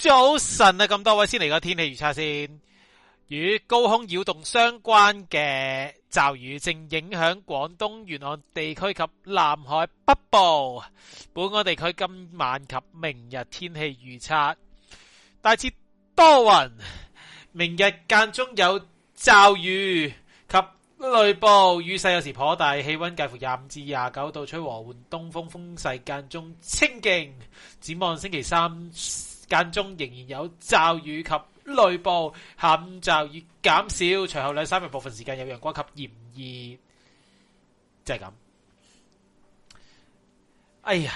早晨啊，咁多位先嚟個天氣預測先。與高空擾動相關嘅驟雨正影響廣東沿岸地區及南海北部。本港地區今晚及明日天氣預測大致多雲，明日間中有驟雨及雷暴，雨勢有時頗大，氣溫介乎廿五至廿九度，吹和緩東風，風勢，風勢間中清勁。展望星期三。間中仍然有驟雨及雷暴，下午驟雨減少，隨後兩三日部分時間有陽光及炎熱，就係、是、咁。哎呀，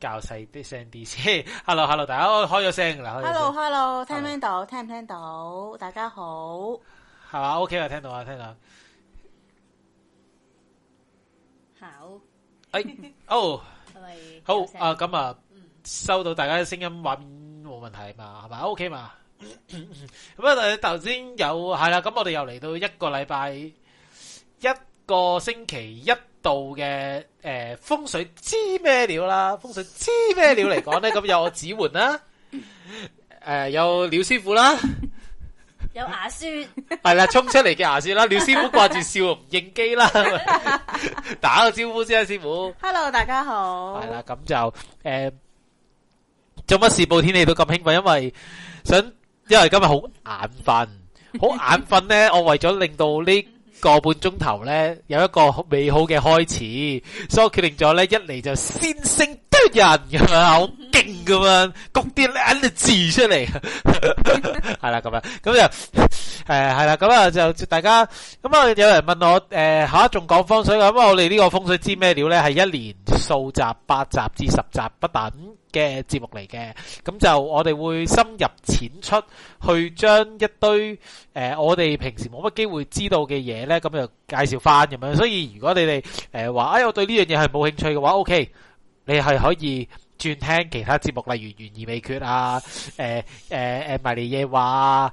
較細啲聲啲先。Hello，Hello，hello, 大家開咗聲啦。Hello，Hello，hello, 聽唔聽, hello. 聽，聽到？聽唔聽到？大家好。係嘛？OK 啊，聽到啊，聽到。好。哦、哎。Oh. 好啊，咁啊。收到大家嘅聲音畫面冇問題啊嘛，係咪啊？O K 嘛？咁啊，頭先有係啦，咁我哋又嚟到一個禮拜一個星期一度嘅誒風水知咩料啦？風水知咩料嚟講咧？咁有我子煥牙桓啦，誒有廖師傅啦，有牙雪係啦，衝出嚟嘅牙雪啦，廖師傅掛住笑唔應機啦，打個招呼先啊，師傅。Hello，大家好。係啦，咁就誒。做乜事報天氣都咁興奮？因為想，因為今日好眼瞓，好眼瞓咧。我為咗令到呢個半鐘頭咧有一個美好嘅開始，所以我決定咗咧一嚟就先聲奪人咁嘛，好勁咁嘛，焗啲啊字出嚟。係 啦， 咁樣咁就誒，係、呃、啦，咁啊就大家咁啊，有人問我誒，吓一仲講風水咁，我哋呢個風水知咩料咧？係一年數集八集至十集不等。嘅節目嚟嘅，咁就我哋會深入淺出去將一堆誒我哋平時冇乜機會知道嘅嘢咧，咁就介紹翻咁樣。所以如果你哋誒話，哎，我對呢樣嘢係冇興趣嘅話，OK，你係可以轉聽其他節目，例如《懸疑未決》啊，誒誒誒《埋嚟夜話》啊。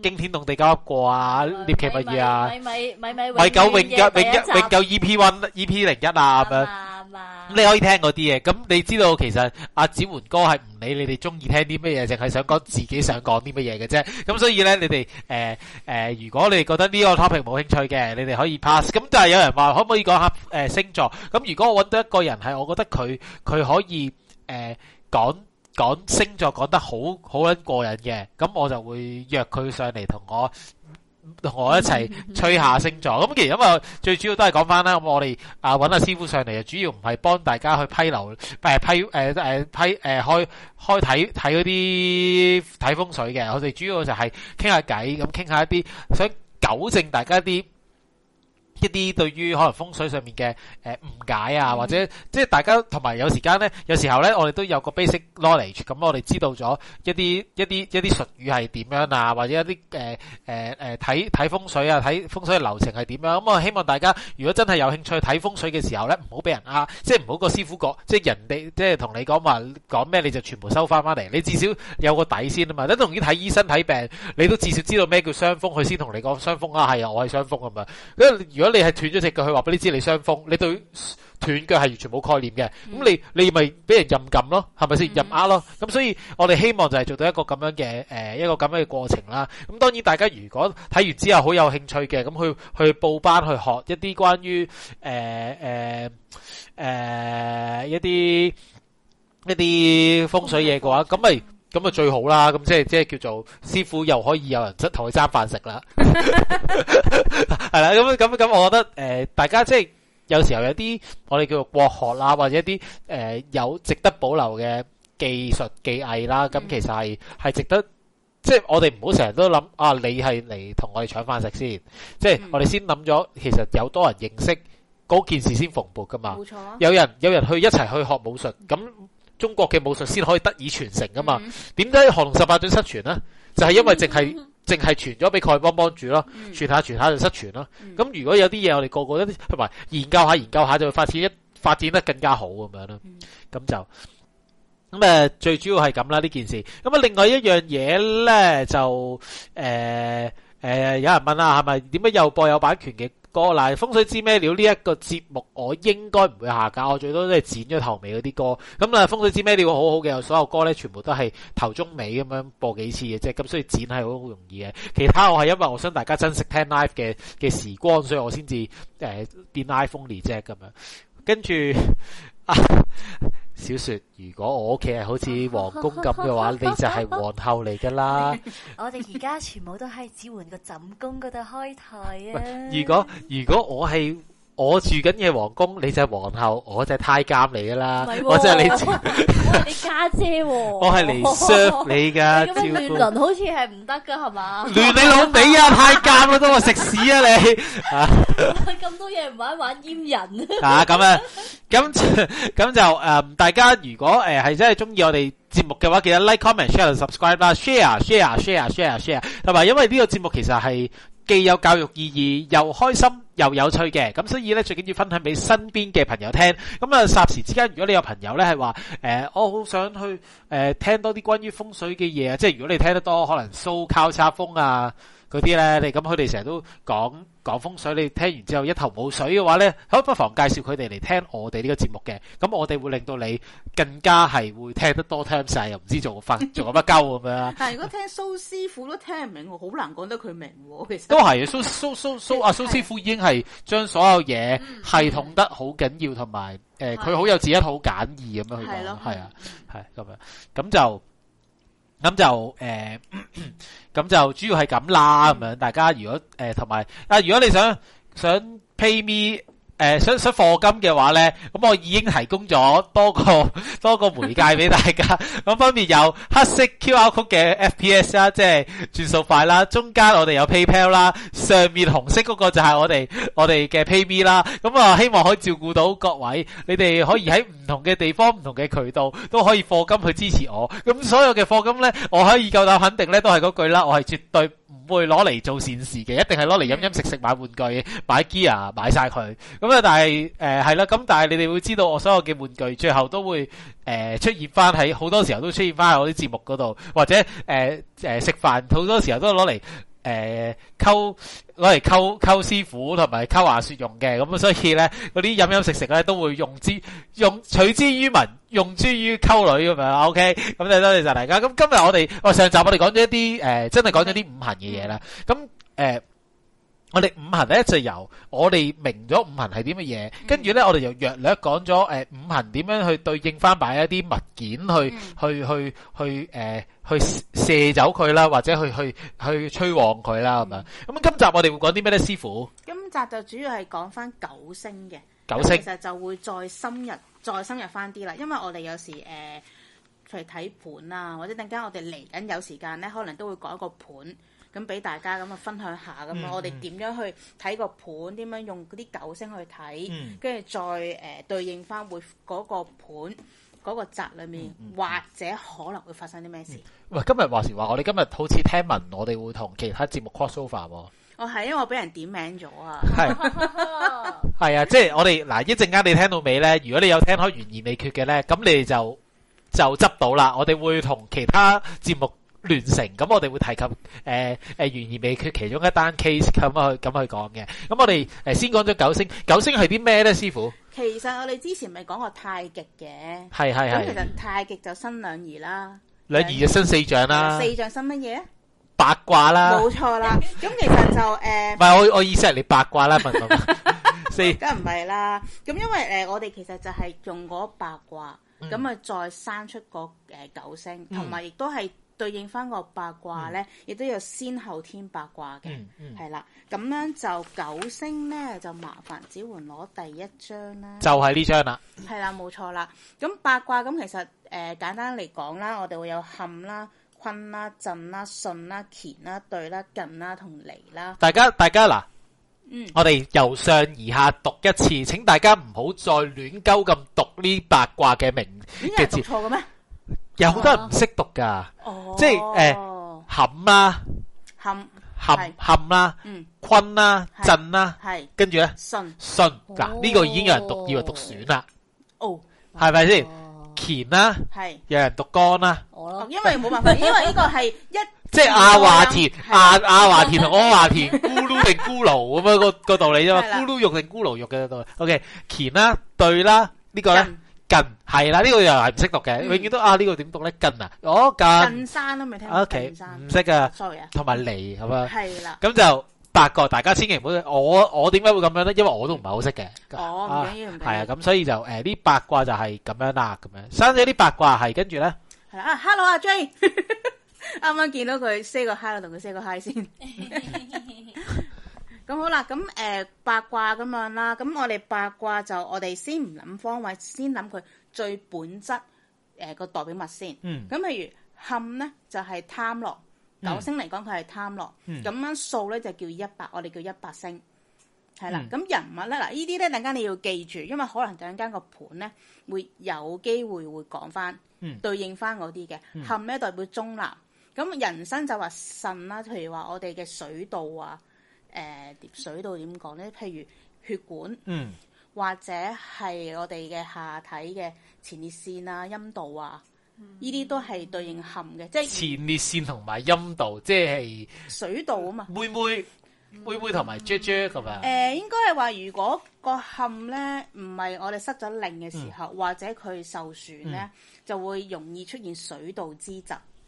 驚天動地嗰個啊，獵奇物語啊，永永永永永永久 EP one EP 零一啊咁樣，咁你可以聽嗰啲嘢。咁你知道其實阿子煥哥係唔理你哋中意聽啲乜嘢，淨係想講自己想講啲乜嘢嘅啫。咁所以咧，你哋誒誒，如果你哋覺得呢個 topic 冇興趣嘅，你哋可以 pass。咁但係有人話可唔可以講下誒星座？咁如果我搵到一個人係，我覺得佢佢可以誒講。講星座講得好好捻過癮嘅，咁我就會約佢上嚟同我同我一齊吹下星座。咁、 嗯、其實因為、嗯、最主要都係講翻啦，咁我哋啊揾阿師傅上嚟，主要唔係幫大家去批流，誒批誒誒、呃、批誒、呃呃、開開睇睇嗰啲睇風水嘅。我哋主要就係傾下偈，咁傾下一啲想糾正大家啲。一啲對於可能風水上面嘅誒誤解啊，或者即係大家同埋有，有時間呢，有時候呢，我哋都有個 basic knowledge，咁我哋知道咗一啲一啲一啲術語係點樣啊，或者一啲睇睇風水啊，睇風水嘅流程係點樣咁、啊、我希望大家如果真係有興趣睇風水嘅時候呢，唔好俾人呃，即係唔好個師傅講，即係人哋即係同你講話講咩你就全部收翻翻嚟，你至少有個底先啊嘛！等同於睇醫生睇病，你都至少知道咩叫傷風，佢先同你講傷風啊，係啊，我係傷風咁啊，因為如果你係斷咗隻腳，去話俾你知你傷風，你對斷腳係完全冇概念嘅。咁、嗯、你你咪俾人任撳咯，係咪先任呃咯？咁、嗯、哼所以我哋希望就係做到一個咁樣嘅誒、呃，一個咁樣嘅過程啦。咁當然大家如果睇完之後好有興趣嘅，咁去去報班去學一啲關於誒誒誒一啲一啲風水嘢嘅話，咁咪、哦。那咁咪最好啦！咁即係即係叫做師傅，又可以有人同佢爭飯食啦。係啦，咁咁咁，我覺得誒、呃，大家即係有時候有啲我哋叫做國學啦，或者啲誒、呃、有值得保留嘅技術技藝啦。咁其實係係、嗯、值得，即、就、係、是、我哋唔好成日都諗啊！你係嚟同我哋搶飯食先，即、就、係、是、我哋先諗咗。嗯、其實有多人認識嗰件事先蓬勃㗎嘛。冇錯錯、啊、有人有人去一齊去學武術咁。中國嘅武術先可以得以傳承噶嘛？點解降龍十八掌失傳呢？就係、是、因為淨係淨係傳咗俾丐幫幫主咯，傳下傳下就失傳咯。咁、嗯嗯嗯、如果有啲嘢我哋個個都係研究下研究下就會發展一發展得更加好咁樣咯。咁就咁誒、嗯，最主要係咁啦呢件事。咁啊，另外一樣嘢呢，就誒誒、呃呃，有人問啦，係咪點解又播有版權嘅？歌嗱，《風水知咩料》呢一個節目我應該唔會下架，我最多都係剪咗頭尾嗰啲歌。咁啊，《風水知咩料》好好嘅，所有歌呢全部都係頭中尾咁樣播幾次嘅啫。咁所以剪係好容易嘅。其他我係因為我想大家珍惜聽 live 嘅嘅時光，所以我先至誒 live only 啫咁樣。跟住啊。小説，如果我屋企係好似皇宮咁嘅話， 你就係皇后嚟㗎啦。我哋而家全部都係只換個枕宮嗰度開台啊如！如果如果我係。我住緊嘅皇宮，你就係皇后，我就係太監嚟噶啦，我即係你，我係你家姐，我係嚟 serve 你噶。亂倫好似係唔得噶，係嘛？亂你老味啊！太監啦，都話食屎啊你！咁多嘢唔玩，玩閹人啊！咁啊，咁咁就誒，大家如果誒係真係中意我哋節目嘅話，記得 like、comment、share、subscribe 啦，share、share、share、share、share，同埋因為呢個節目其實係既有教育意義又開心。又有趣嘅，咁所以呢，最緊要分享俾身邊嘅朋友聽。咁啊，霎時之間，如果你有朋友呢，係話，誒，我好想去誒、呃、聽多啲關於風水嘅嘢啊，即係如果你聽得多，可能蘇敲插風啊嗰啲呢，你咁佢哋成日都講。講風水你聽完之後一頭冇水嘅話咧，不妨介紹佢哋嚟聽我哋呢個節目嘅。咁我哋會令到你更加係會聽得多聽晒，又唔知做乜分做乜鳩咁樣。但係如果聽蘇師傅都聽唔明，好難講得佢明。其實都係蘇蘇蘇蘇阿蘇師傅已經係將所有嘢系統得好緊要，同埋誒佢好有自一套簡易咁樣去講。係咯，係啊，係咁樣咁就。咁就誒，咁、呃、就主要係咁啦，咁樣、嗯、大家如果誒同埋啊，如果你想想 pay me。呃、想想課金嘅話呢，咁我已經提供咗多個多個媒介俾大家。咁分別有黑色 QR code 嘅 FPS 啦、啊，即係轉數快啦。中間我哋有 PayPal 啦，上面紅色嗰個就係我哋我哋嘅 PayMe 啦。咁啊，希望可以照顧到各位，你哋可以喺唔同嘅地方、唔同嘅渠道都可以課金去支持我。咁所有嘅課金呢，我可以夠膽肯定呢都係嗰句啦，我係絕對，唔會攞嚟做善事嘅，一定係攞嚟飲飲食食買玩具、買 gear 買曬佢咁啊！但係係啦，咁、呃、但係你哋會知道我所有嘅玩具最後都會、呃、出現翻喺好多時候都出現翻喺我啲節目嗰度，或者呃、食飯好多時候都攞嚟。誒，溝攞嚟溝溝師傅同埋溝牙雪用嘅，咁所以咧嗰啲飲飲食食咧都會用之用取之於民，用之於溝女咁樣，OK，咁就多謝晒大家。咁今日我哋，我、哦、上集我哋講咗一啲誒、呃，真係講咗啲五行嘅嘢啦。咁誒。呃我哋五行咧就由我哋明咗五行係點乜嘢，跟住咧我哋又略略講咗誒五行點樣去對應翻擺一啲物件去去去去誒去卸走佢啦，或者去去去催旺佢啦咁樣。咁啊，今集我哋會講啲咩咧，師傅？今集就主要係講翻九星嘅九星，其實就會再深入再深入翻啲啦。因為我哋有時誒譬如睇盤啊，或者等陣間我哋嚟緊有時間咧，可能都會講一個盤。咁俾大家咁啊，分享下咁啊，嗯、我哋點樣去睇個盤？點樣用啲九星去睇？跟住、嗯、再、呃、對應翻，會嗰個盤嗰、嗰個宅裏面，嗯嗯、或者可能會發生啲咩事、嗯？喂，今日話時話，我哋今日好似聽聞，我哋會同其他節目 cross over 喎。我係、哦、因為我俾人點名咗是 啊。係係啊，即係我哋嗱一陣間你聽到尾咧，如果你有聽懸疑未決嘅咧，咁你就就執到啦。我哋會同其他節目。聯成咁樣，我哋會提及誒誒，懸疑未決其中一單 case 咁去咁去講嘅。咁我哋誒先講咗九星，九星係啲咩咧？師傅，其實我哋之前咪講過太極嘅，係係係。咁其實太極就生兩儀啦，兩儀就生四象啦，四象生乜嘢？八卦啦，冇錯啦。咁其實就誒，唔係我我意思係你八卦啦，問我，四。梗唔係啦，咁因為誒我哋其實就係用嗰八卦，咁啊再生出個誒九星，同埋亦都係。對應翻個八卦咧，亦都有先後天八卦嘅，係啦、嗯。咁、嗯、樣就九星咧就麻煩牙桓攞第一張啦，就係呢張啦，係啦，冇錯啦。咁八卦咁其實誒、呃、簡單嚟講啦，我哋會有坎啦、坤啦、震啦、巽啦、乾啦、兌啦、艮啦同離啦。大家大家嗱，嗯，我哋由上而下讀一次，請大家唔好再亂鳩咁讀呢八卦嘅名字。錯嘅咩？有好多人唔識讀噶，即係誒，冚啦，冚冚冚啦，昆啦，震啦，跟住咧，信，信嗱呢個已經有人讀，以為讀損啦，哦，係咪先？鉗啦，係有人讀干啦，因為冇辦法，因為呢個係一，即係阿華田，阿阿華田同阿華田咕嚕定咕嚕咁樣個個道理啫嘛，咕嚕肉定咕嚕肉嘅道理。O K，鉗啦，對啦，呢個咧。近係啦，呢個又係唔識讀嘅，永遠都啊呢個點讀咧？近啊，哦近。近山都未聽。O K，唔識噶。Sorry 啊。同埋離係嘛。係啦。咁就八卦，大家千祈唔好。我我點解會咁樣咧？因為我都唔係好識嘅。哦，唔緊要。係啊，咁所以就誒呢八卦就係咁樣啦，咁樣。生咗啲八卦係，跟住咧。係啦，啊，Hello，阿 J，啱啱見到佢 say 個 hello，同佢 say 個 hi 先。咁好啦，咁、呃、八卦咁樣啦，咁我哋八卦就我哋先唔諗方位，先諗佢最本質個、呃、代表物先。咁、嗯、譬如坎咧就係、是、貪狼，嗯、九星嚟講佢係貪狼。咁樣、嗯、數咧就叫一白，我哋叫一白星。係啦，咁、嗯、人物咧嗱，呢啲咧等間你要記住，因為可能等間個盤咧會有機會會講翻、嗯、對應翻嗰啲嘅坎呢代表中立，咁人生就話腎啦，譬如話我哋嘅水道啊。誒跌、呃、水道點講咧？譬如血管，嗯、或者係我哋嘅下體嘅前列腺啊、陰道啊，呢啲、嗯、都係對應坎嘅，即係前列腺同埋陰道，即係水道啊嘛。妹妹、嗯、妹妹同埋雀雀，誒、呃、應該係話，如果個坎咧唔係我哋失咗靈嘅時候，嗯、或者佢受損咧，嗯、就會容易出現水道之疾。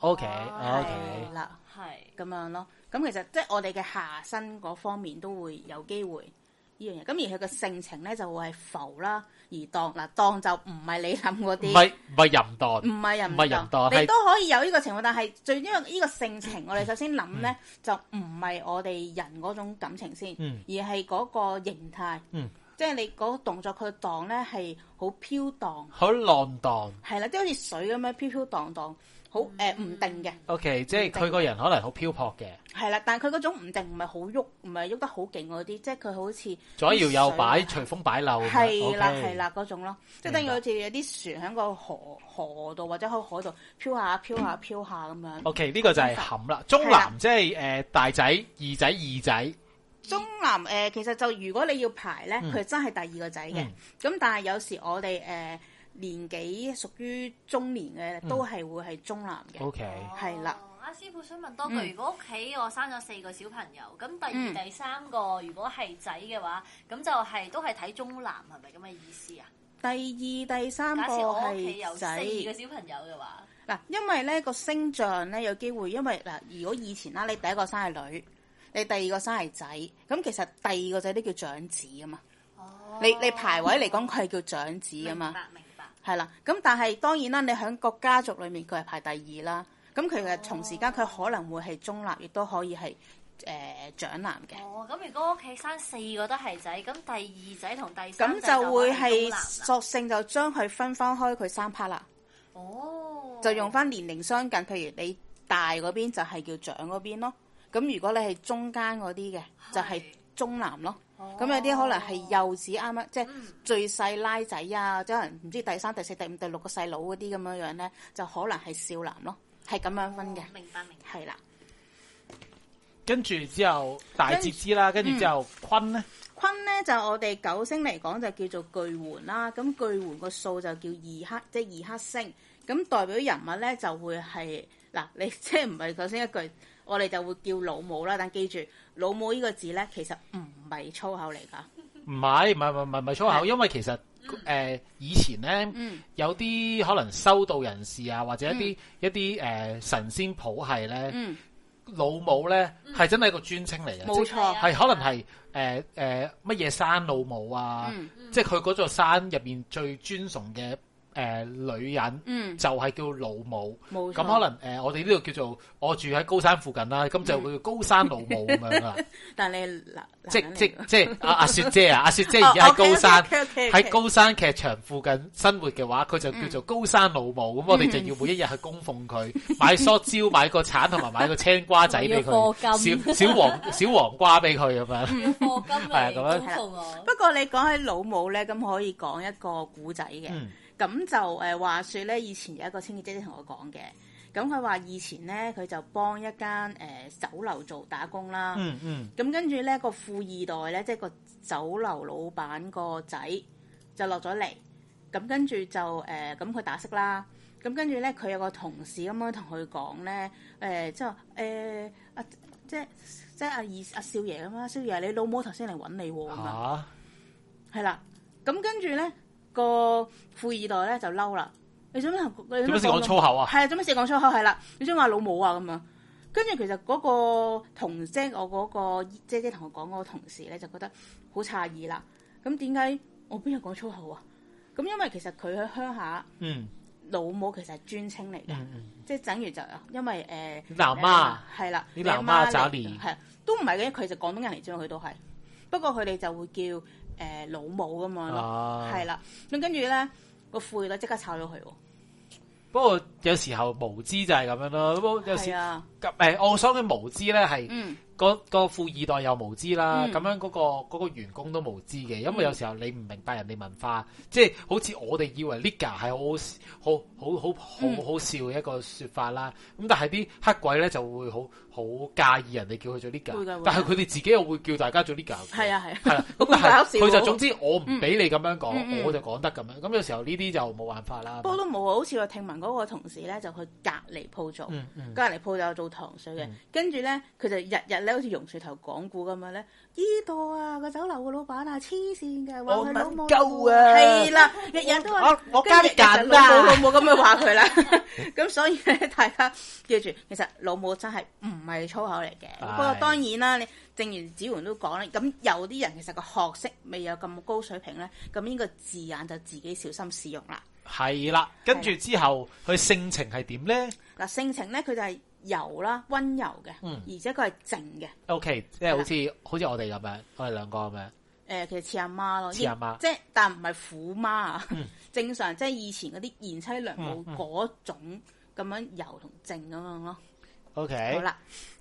O K，O K 啦，係咁樣咯。咁其實即係我哋嘅下身嗰方面都會有機會呢樣嘢。咁而佢嘅性情咧就會係浮啦而蕩。嗱，蕩就唔係你諗嗰啲，唔係唔係淫蕩，唔係淫蕩，唔係淫蕩，你都可以有呢個情況。但係最因為呢個性情，我哋首先諗咧就唔係我哋人嗰種感情先，而係嗰個形態，即係你嗰個動作佢蕩咧係好飄蕩，好浪蕩，係啦，即係好似水咁樣飄飄蕩蕩。好誒，唔、呃、定嘅。O、okay, K，即係佢個人可能好漂泊嘅。係啦，但係佢嗰種唔定唔係好喐，唔係喐得好勁嗰啲，即係佢好似左搖右擺，隨風擺漏。係啦係啦嗰種咯，的即係等於好似有啲船喺個河河度或者喺海度漂下漂下漂下咁樣。O K，呢個就係坎啦。中男的即係誒、呃、大仔二仔二仔。二仔中男誒、呃，其實就如果你要排咧，佢、嗯、真係第二個仔嘅。咁、嗯、但係有時我哋誒。呃年紀屬於中年嘅，都係會係中男嘅、嗯、OK，係啦。阿師傅想問多句，嗯、如果屋企我生咗四個小朋友，咁第、嗯、第、第二、第三個如果係仔嘅話，咁就係都係睇中男，係咪咁嘅意思啊？第二、第三個屋企有仔二嘅小朋友嘅話，嗱，因為咧、呢個星象咧有機會，因為嗱，如果以前啦，你第一個生係女，你第二個生係仔，咁其實第二個仔都叫長子啊嘛。哦，你你排位嚟講，佢係、哦、叫長子啊嘛。係啦，咁但係當然啦，你喺個家族裏面佢係排第二啦。咁其實同時間佢可能會係中男，亦都可以係誒、呃、長男嘅。哦，咁如果屋企生四個都係仔，咁第二仔同第三仔咁就，就會係索性就將佢分開，開佢三 part 啦。哦，就用翻年齡相近，譬如你大嗰邊就係叫長嗰邊咯。咁如果你係中間嗰啲嘅，的就係中男咯。咁、哦、有啲可能係幼子啱啱，即係、哦、最細拉仔啊，即係可能唔知第三、第四、第五、第六個細佬嗰啲咁樣樣咧，就可能係少男咯，係咁樣分嘅、哦。明白明白，係啦了。跟住之後大節肢啦，嗯、跟住之後坤咧。坤咧就我哋九星嚟講就叫做巨門啦，咁巨門個數就叫二黑，即、就、係、是、二黑星，咁代表人物咧就會係嗱，你即係唔係頭先一句？我哋就會叫老母啦，但記住老母呢個字咧，其實唔係粗口嚟噶。唔係，唔係，唔係，唔係粗口，因為其實誒以前咧，有啲可能修道人士啊，或者一啲一啲誒神仙譜系咧，老母咧係真係一個尊稱嚟嘅，冇錯，係可能係誒誒乜嘢山老母啊，即係佢嗰座山入面最尊崇嘅。誒，女人就係叫老母，咁可能誒，我哋呢度叫做我住喺高山附近啦，咁就會叫高山老母咁樣啦。但你即即即阿阿雪姐啊，阿雪姐而家喺高山喺高山劇場附近生活嘅話，佢就叫做高山老母，咁我哋就要每一日去供奉佢，買梳蕉、買個橙同埋買個青瓜仔俾佢，小黃小黃瓜俾佢咁樣。係咁樣。不過你講起老母咧，咁可以講一個古仔嘅。咁就誒、呃、話說咧，以前有一個清潔姐姐同我講嘅，咁佢話以前咧，佢就幫一間誒酒、呃、樓做打工啦。嗯嗯。咁、嗯、跟住咧，個富二代咧，即、就、係、是、個酒樓老闆個仔就落咗嚟。咁跟住就誒，咁、呃、佢打識啦。咁跟住咧，佢有個同事咁樣同佢講咧，誒、呃呃啊啊、即係誒阿即係即係阿二阿少爺咁嘛，少爺你老母頭先嚟揾你喎咁啦，咁、啊、跟住咧。個富二代咧就嬲啦，你做咩？做咩先講粗口啊？係啊，做咩先講粗口？係啦，你想話老母啊咁樣？跟住其實嗰個同姐，我嗰個姐姐同我講嗰個同事咧，就覺得好詫異啦。咁點解我邊有講粗口啊？咁因為其實佢喺鄉下，嗯，老母其實係尊稱嚟嘅，即係等於就，係就因為誒，奶媽係啦，奶媽就係都唔係嘅，佢其實廣東人嚟，將佢都係。不過佢哋就會叫。誒、欸，老母樣啊嘛，係啦，咁跟住咧個富二代即刻炒咗佢。不過有時候無知就係咁樣咯，是啊、有時誒，我所嘅無知咧係。個富二代又無知啦，咁樣嗰個嗰個員工都無知嘅，因為有時候你唔明白人哋文化，即係好似我哋以為 liga 係好好好好好好笑嘅一個說法啦。咁但係啲黑鬼咧就會好好介意人哋叫佢做 liga，但係佢哋自己又會叫大家做 liga。係啊係，係啦。佢就總之我唔俾你咁樣講，我就講得咁樣。咁有時候呢啲就冇辦法啦。不過都冇，好似我聽聞嗰個同事咧就去隔離鋪做，隔離鋪有做糖水嘅，跟住咧佢就日日。你好似榕樹頭講故咁樣咧，呢度啊個酒樓個老闆啊，黐線嘅，話佢老母，啊！係啦，日日都話我加你廿蚊，老母咁樣話佢啦，咁 所以咧，大家記住，其實老母真係唔係粗口嚟嘅。的不過當然啦，你正如子媛都講咧，咁有啲人其實個學識未有咁高水平咧，咁呢個字眼就自己小心使用啦。係啦，跟住之後佢性情係點咧？嗱，性情咧，佢就係、是。柔啦，溫柔嘅，嗯、而且佢係靜嘅。O K，即係好似好似我哋咁樣，我哋兩個咁樣。誒、呃，其實似阿媽，媽咯，似阿媽，媽，即係但唔係虎媽啊。嗯、正常即係以前嗰啲賢妻良母嗰種咁、嗯、樣柔同靜咁樣咯。O Okay , K，好啦，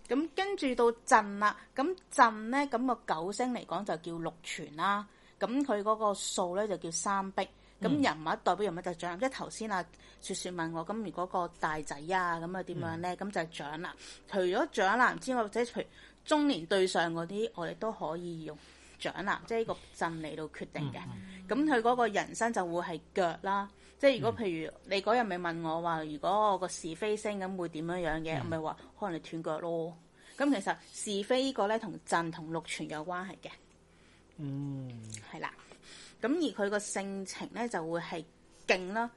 咁跟住到震啦，咁震咧咁個九星嚟講就叫祿存啦，咁佢嗰個數咧就叫三碧。咁人物代表人物就長男，嗯、即係頭先阿雪雪問我，咁如果個大仔啊咁啊點樣咧，咁、嗯、就係長男啦。除咗長男之外，或者除中年對上嗰啲，我哋都可以用長男，即、就、係、是、個震嚟到決定嘅。咁佢嗰個人生就會係腳啦。嗯、即係如果譬如你嗰日咪問我話，如果我個是非星咁會點樣樣嘅，嗯、我咪話可能你斷腳咯。咁其實是非個呢個咧同震同祿存有關係嘅。嗯，係啦。咁而佢個性情咧就會係勁啦，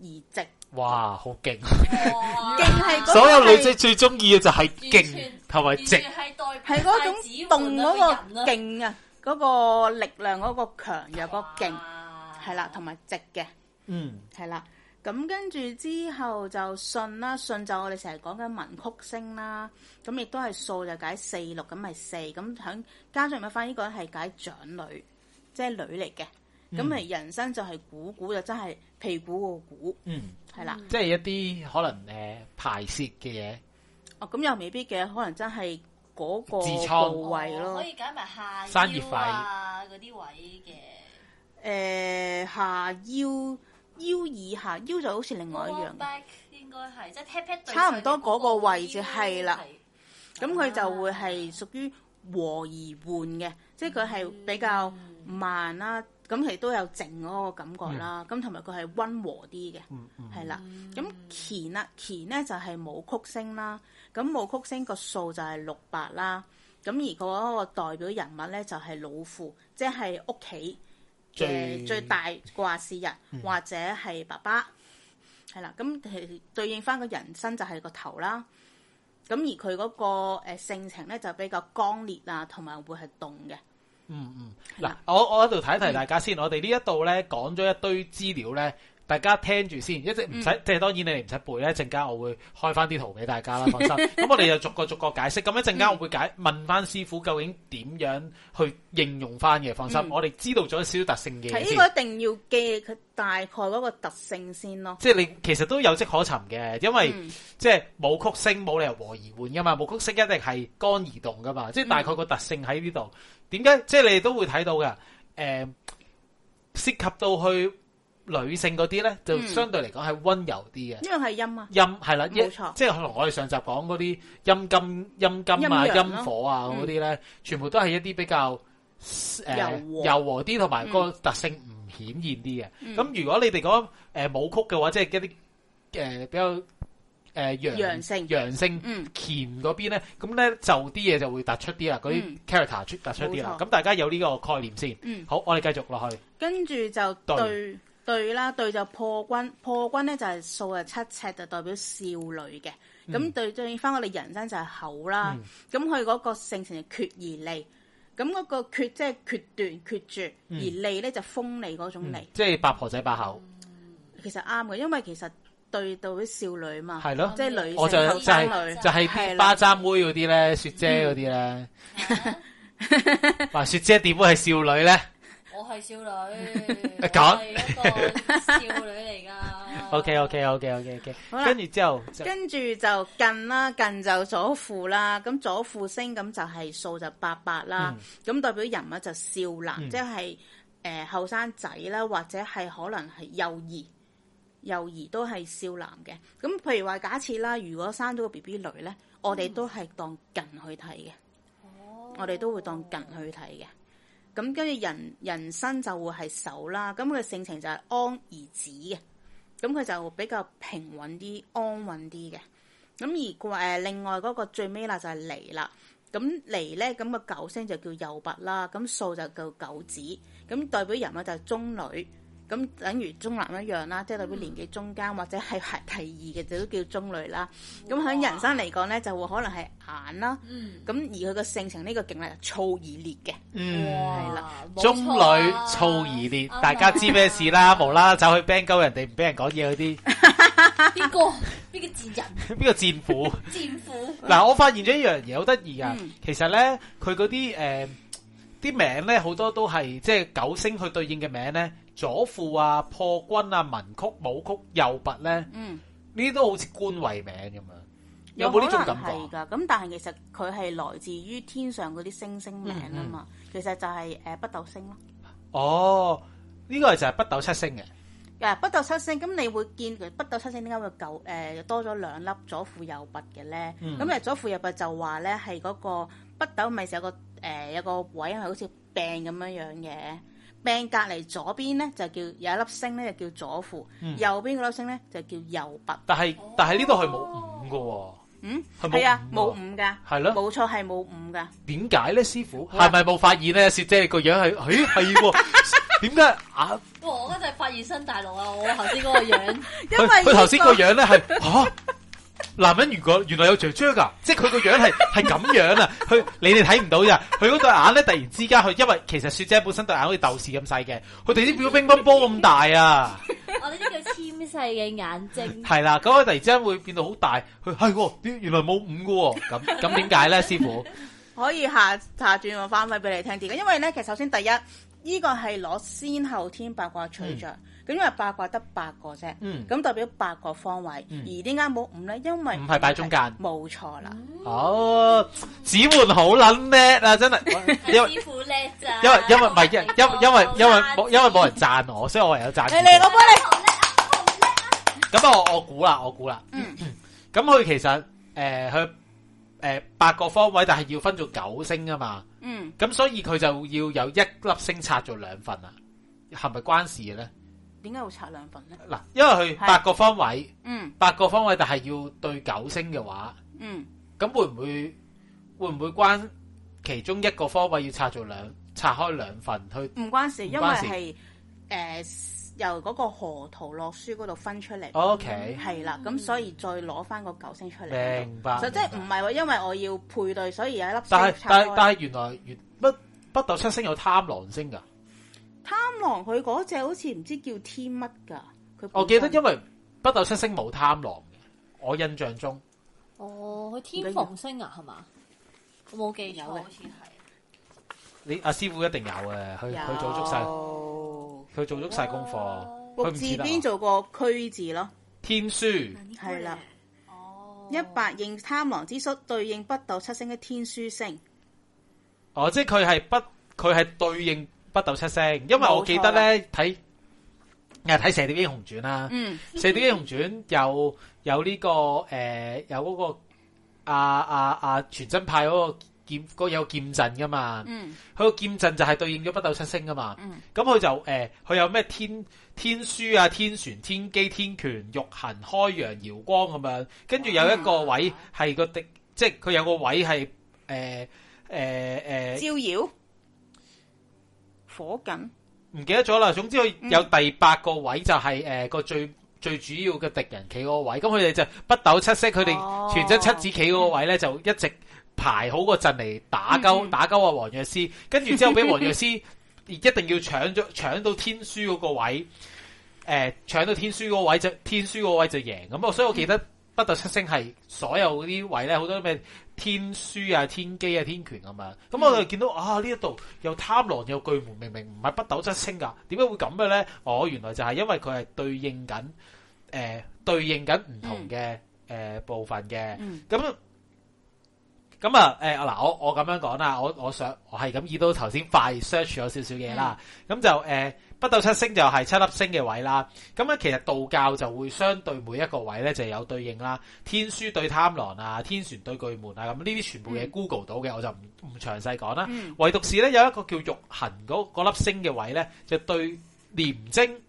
而直。哇，好勁！勁係哇所有女仔最中意嘅就係勁，同埋全直，係嗰種動嗰個勁啊，嗰、嗰個力量嗰個強弱個勁，係啦哇，同埋直嘅，嗯，係啦。咁跟住之後就順啦，順就我哋成日講緊文曲星啦。咁亦都係數就解四六，咁咪四。咁響加上咪返呢個係解長女，即、就、係、是、女嚟嘅。咁咪人生就係股，股就真係屁股個股，嗯，係啦，即係一啲可能誒排泄嘅嘢。哦，咁又未必嘅，可能真係嗰個部位咯，可以揀埋下腰啊，嗰啲位嘅。誒下腰，腰以下腰就好似另外一樣嘅，應該即係差唔多嗰個位置係啦。咁佢就會係屬於和而緩嘅，即係佢係比較慢啦。.咁係都有靜嗰個感覺啦，咁同埋佢係溫和啲嘅，係啦、mm。咁乾啦乾咧就係武曲星啦，咁武曲星個數就係六白啦。咁而嗰個代表人物咧就係老父，即係屋企嘅最大話事人 Yeah. 或者係爸爸，係啦。咁係對應翻個人生就係個頭啦。咁而佢嗰個性情咧就比較剛烈啊，同埋會係動嘅。嗯嗯，嗱、嗯的，我我喺度提一提大家先，的我哋呢一度咧講咗一堆資料咧，大家聽住先，一直唔使即係當然你哋唔使背咧，陣間我會開翻啲圖俾大家啦，放心。咁 我哋就逐個逐個解釋，咁一陣間我會解、嗯、問翻師傅究竟點樣去應用翻嘅，放心，嗯、我哋知道咗少少特性嘅。呢個一定要記佢大概嗰個特性先咯。即係你其實都有跡可尋嘅，因為、嗯、即係武曲星冇理由和而緩噶嘛，武曲星一定係剛而動噶嘛，即係大概個特性喺呢度。點解、嗯？即係你哋都會睇到嘅，誒、呃，涉及到去。女性嗰啲咧，就相對嚟講係溫柔啲嘅，因為係陰啊，陰係啦，冇錯，即係同我哋上集講嗰啲陰金、陰金啊、陰火啊嗰啲咧，全部都係一啲比較誒柔和啲，同埋個特性唔顯現啲嘅。咁如果你哋講誒武曲嘅話，即係一啲誒比較誒陽性、陽性、乾嗰邊咧，咁咧就啲嘢就會突出啲啦，嗰啲 character 突出啲啦。咁大家有呢個概念先。好，我哋繼續落去，跟住就對。對啦，對就破軍，破軍咧就係數係七赤，就代表少女嘅。咁、嗯、對對應返我哋人生就係口啦。咁佢嗰個性情係決而利，咁嗰個決即係決斷決絕，嗯、而呢利咧就鋒利嗰種利、嗯。即係八婆仔八口、嗯，其實啱嘅，因為其實對到啲少女嘛，係咯，即係女性。我就就係、是、就係巴渣妹嗰啲咧，雪姐嗰啲咧，話、嗯、 雪姐點會係少女咧？我係少女，係 一個少女嚟噶。 OK OK OK OK OK，了跟住之後，跟住就艮啦，艮就左輔啦。咁左輔星咁就係數就八八啦。咁、嗯、代表人物就少男，嗯、即係誒後生仔啦，或者係可能係幼兒，幼兒都係少男嘅。咁譬如話假設啦，如果生到個 B B 女咧，我哋都係當艮去睇嘅。嗯、我哋都會當艮去睇嘅。哦咁跟住人人生就會係手啦，咁佢性情就係安而止嘅，咁佢就比較平穩啲、安穩啲嘅。咁而另外嗰個最尾啦就係離啦，咁離咧咁、嗰個九星就叫右弼啦，咁數就叫九紫，咁代表人物就係中女。咁等如中男一樣啦，即係代表年紀中間或者係係第二嘅，就都叫中女啦。咁喺人生嚟講咧，就會可能係眼啦。咁而佢嘅性情呢個勁係，燥而烈嘅。嗯，係啦，中女燥而烈，大家知咩事啦？無啦，走去抨鳩人哋，唔俾人講嘢嗰啲。邊個？邊個賤人？邊個賤婦？賤婦。嗱，我發現咗一樣嘢好得意噶，其實咧佢嗰啲誒啲名咧好多都係即係九星去對應嘅名咧左輔啊，破軍啊，文曲武曲右弼咧，呢啲、嗯、都好似官位名咁樣，嗯、有冇呢種感覺？有啦，係噶。咁但係其實佢係來自於天上嗰啲星星名啊嘛。嗯嗯其實就係、是、誒、呃、北斗星咯。哦，呢、這個就係北斗七星嘅。誒、嗯，北斗七星，咁你會見北斗七星點解會舊誒多咗、呃、兩粒左輔右弼嘅咧？咁誒、嗯嗯、左輔右弼就話咧係嗰個北斗咪成、就是、有一個誒、呃、有個位置好像病樣的，因為好似病咁樣樣嘅。病隔籬左邊咧就叫有一粒星咧就叫左輔，右邊嗰粒星咧就叫右弼。但係但係呢度係冇五噶，嗯係咪啊冇五噶，係咯冇錯係冇五噶。點解咧師傅？係咪冇發現咧？雪姐個樣係，誒係喎？點解啊？我嗰陣發現新大陸啊！我頭先嗰個樣，因為佢頭先個樣咧係吓。男人如果原來有雀雀噶，即係佢個樣係係咁樣啊！佢 你哋睇唔到咋？佢嗰對眼咧突然之間，佢因為其實雪姐本身對眼好似豆豉咁細嘅，佢哋啲之乒乓波咁大啊！ 我哋啲叫纖細嘅眼睛係啦，咁啊 突然之間會變到好大，佢係喎，原來冇五個喎？咁咁點解咧？師傅可以下下轉個方位俾你聽啲嘅，因為咧其實首先第一，呢、這個係攞先後天八卦取象。嗯咁因為八卦得八個啫，咁、嗯、代表八個方位，嗯、而點解冇五咧？因為唔係擺中間，冇錯啦。哦，子煥好撚叻啊！真係，師傅叻咋？因為因為唔係因因因為 因為因為冇人讚我，所以我有讚你嚟，我幫你好叻啊！好叻啊！咁我我估啦，我估啦。咁佢、嗯、其實誒，佢、呃、誒八個方位，但係要分做九星啊嘛。嗯，咁所以佢就要有一粒星拆做兩份啊？係咪關事嘅咧？點解會拆兩份咧？嗱，因為佢八個方位，嗯，八個方位，但係要對九星嘅話，嗯，咁會唔會會唔會關其中一個方位要拆做兩拆開兩份？佢唔關事，關事因為係誒、呃、由嗰個河圖洛書嗰度分出嚟，哦，OK，係啦，嗯，咁所以再攞翻個九星出嚟，明白。所以即係唔係話因為我要配對，所以有一粒星拆開，但係原來原不北斗七星有貪狼星噶，啊。貪狼佢嗰隻好似唔知叫天乜噶，我記得因為北斗七星冇貪狼嘅，我印象中。哦，佢天蓬星啊，係嘛？我冇記錯，嗯、好似係。你阿、啊、師傅一定有嘅，佢佢有做足晒，佢做足晒功課，佢唔知邊做過區字咯。天書係啦，哦，一百應貪狼之術對應北斗七星嘅天書星。哦，即係佢係不佢係對應。北斗七星，因為我記得咧睇，又睇、啊、嗯《射雕英雄傳、啊》啦，《嗯射雕英雄傳》有有、這、呢個誒、呃，有嗰、那個阿阿阿全真派嗰個劍，嗰有劍陣噶嘛，佢個劍陣就係對應咗北斗七星噶嘛，咁佢、嗯、就誒，佢、呃、有咩天天書啊、天旋、天機、天權、玉衡、開陽、搖光咁樣，跟住有一個位係個地，哦、啊啊啊即係佢有個位係誒誒誒招搖。火緊唔記得咗啦，總之佢有第八個位就係誒個最最主要嘅敵人企嗰個位，咁佢哋就北斗七星，佢哋全真七子企嗰個位咧、哦、就一直排好個陣嚟打鳩、嗯嗯、打鳩阿黃藥師，跟住之後俾黃藥師一定要搶咗搶到天書嗰個位，誒、呃、搶到天書嗰個位就天書嗰個位就贏咁，所以我記得北斗七星係所有嗰啲位咧好多咩？天書啊，天機啊，天權咁啊，咁我就見到、嗯、啊呢一度又貪狼又巨門，明明唔係北斗七星噶，點解會咁嘅咧？我、哦、原來就係因為佢係對應緊，誒、呃、對應緊唔同嘅誒、嗯呃、部分嘅，咁咁啊誒嗱，我我咁樣講啦，我咁樣我，我想我係咁意到頭先快 search 咗少少嘢啦，咁、嗯、就誒。呃北斗七星就係七粒星嘅位啦，咁啊其實道教就會相對每一個位咧就有對應啦，天樞對貪狼啊，天璇對巨門啊，咁呢啲全部嘢 Google 到嘅，我就唔唔詳細講啦。唯獨是咧有一個叫玉衡嗰粒星嘅位咧，就對廉貞，廉呢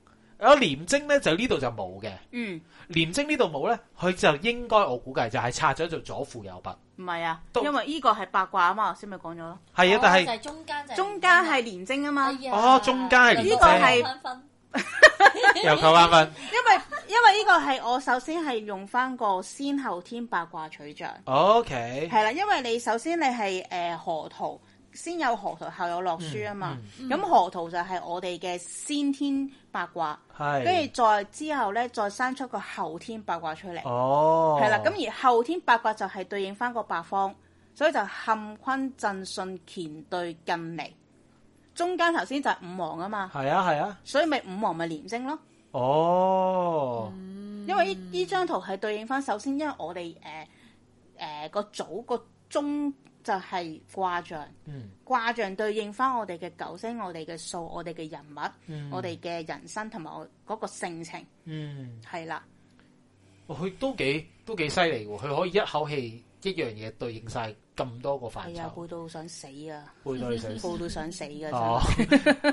有廉貞咧就呢度就冇嘅，嗯，廉貞呢度冇咧，佢就應該我估計就係拆咗做左輔右弼。唔係啊，都因為呢個係八卦啊嘛，先咪講咗咯。係啊，但係、哦就係、中間係廉貞啊嘛。哎、呀哦，中間係呢間個係又扣翻分。因為因為呢個係我首先係用翻個先後天八卦取象。O K。係啦，因為你首先你係誒、呃、河圖。先有河圖，後有洛書啊嘛。咁、嗯嗯、河圖就係我哋嘅先天八卦，跟住是再之後咧，再生出個後天八卦出嚟。哦，係啦。咁而後天八卦就係對應翻個八方，所以就坎、坤、震、巽、乾、兌、艮、離。中間頭先就係五黃啊嘛。係啊，係啊。所以咪五黃咪廉貞咯。哦。因為呢呢張圖係對應翻，首先因為我哋誒誒個組個中。個就係卦象，卦象對應翻我哋嘅九星、我哋嘅數、我哋嘅人物、我哋嘅人生同埋我嗰個性情，係啦。佢都幾都幾犀利，佢可以一口氣一樣嘢對應晒咁多個範疇，背到想死啊！背到想，背到想死噶。哦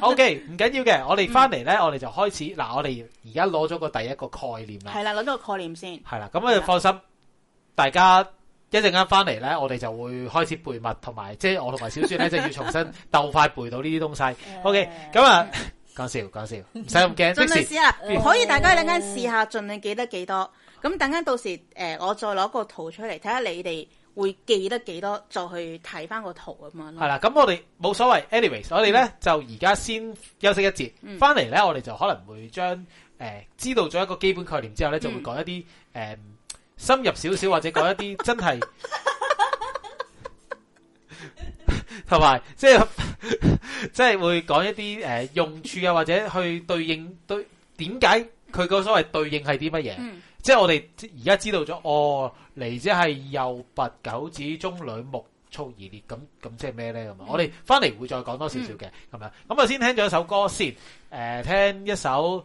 ，OK，唔緊要嘅，我哋翻嚟咧，我哋就開始嗱，我哋而家攞咗個第一個概念啦，係啦，攞咗個概念先，係啦，咁我哋放心，大家。一陣間翻嚟咧，我哋就會開始背默，同埋即係我同埋小雪咧，就要重新鬥快背到呢啲東西。OK，咁啊，講笑講笑，唔使咁驚。盡力試啦，可以大家等間試下，盡量記得幾多。咁等間到時，誒，我再攞個圖出嚟，睇下你哋會記得幾多再，嗯、ways, 就去睇翻個圖咁樣。係啦，咁我哋冇所謂，anyways，我哋咧就而家先休息一節，翻嚟咧我哋就可能會將誒、呃、知道咗一個基本概念之後咧，就會講一啲誒。嗯深入少少，或者講一啲真係，同埋，即係即係會講一啲誒用處啊，或者去對應對，點解佢個所謂對應係啲乜嘢？即係我哋而家知道咗，哦，嚟自係右弼九紫中女木簇而列，咁咁即係咩咧？咁啊，我哋翻嚟會再講多少少嘅，咁樣。咁啊，先聽咗一首歌先，誒，聽一首。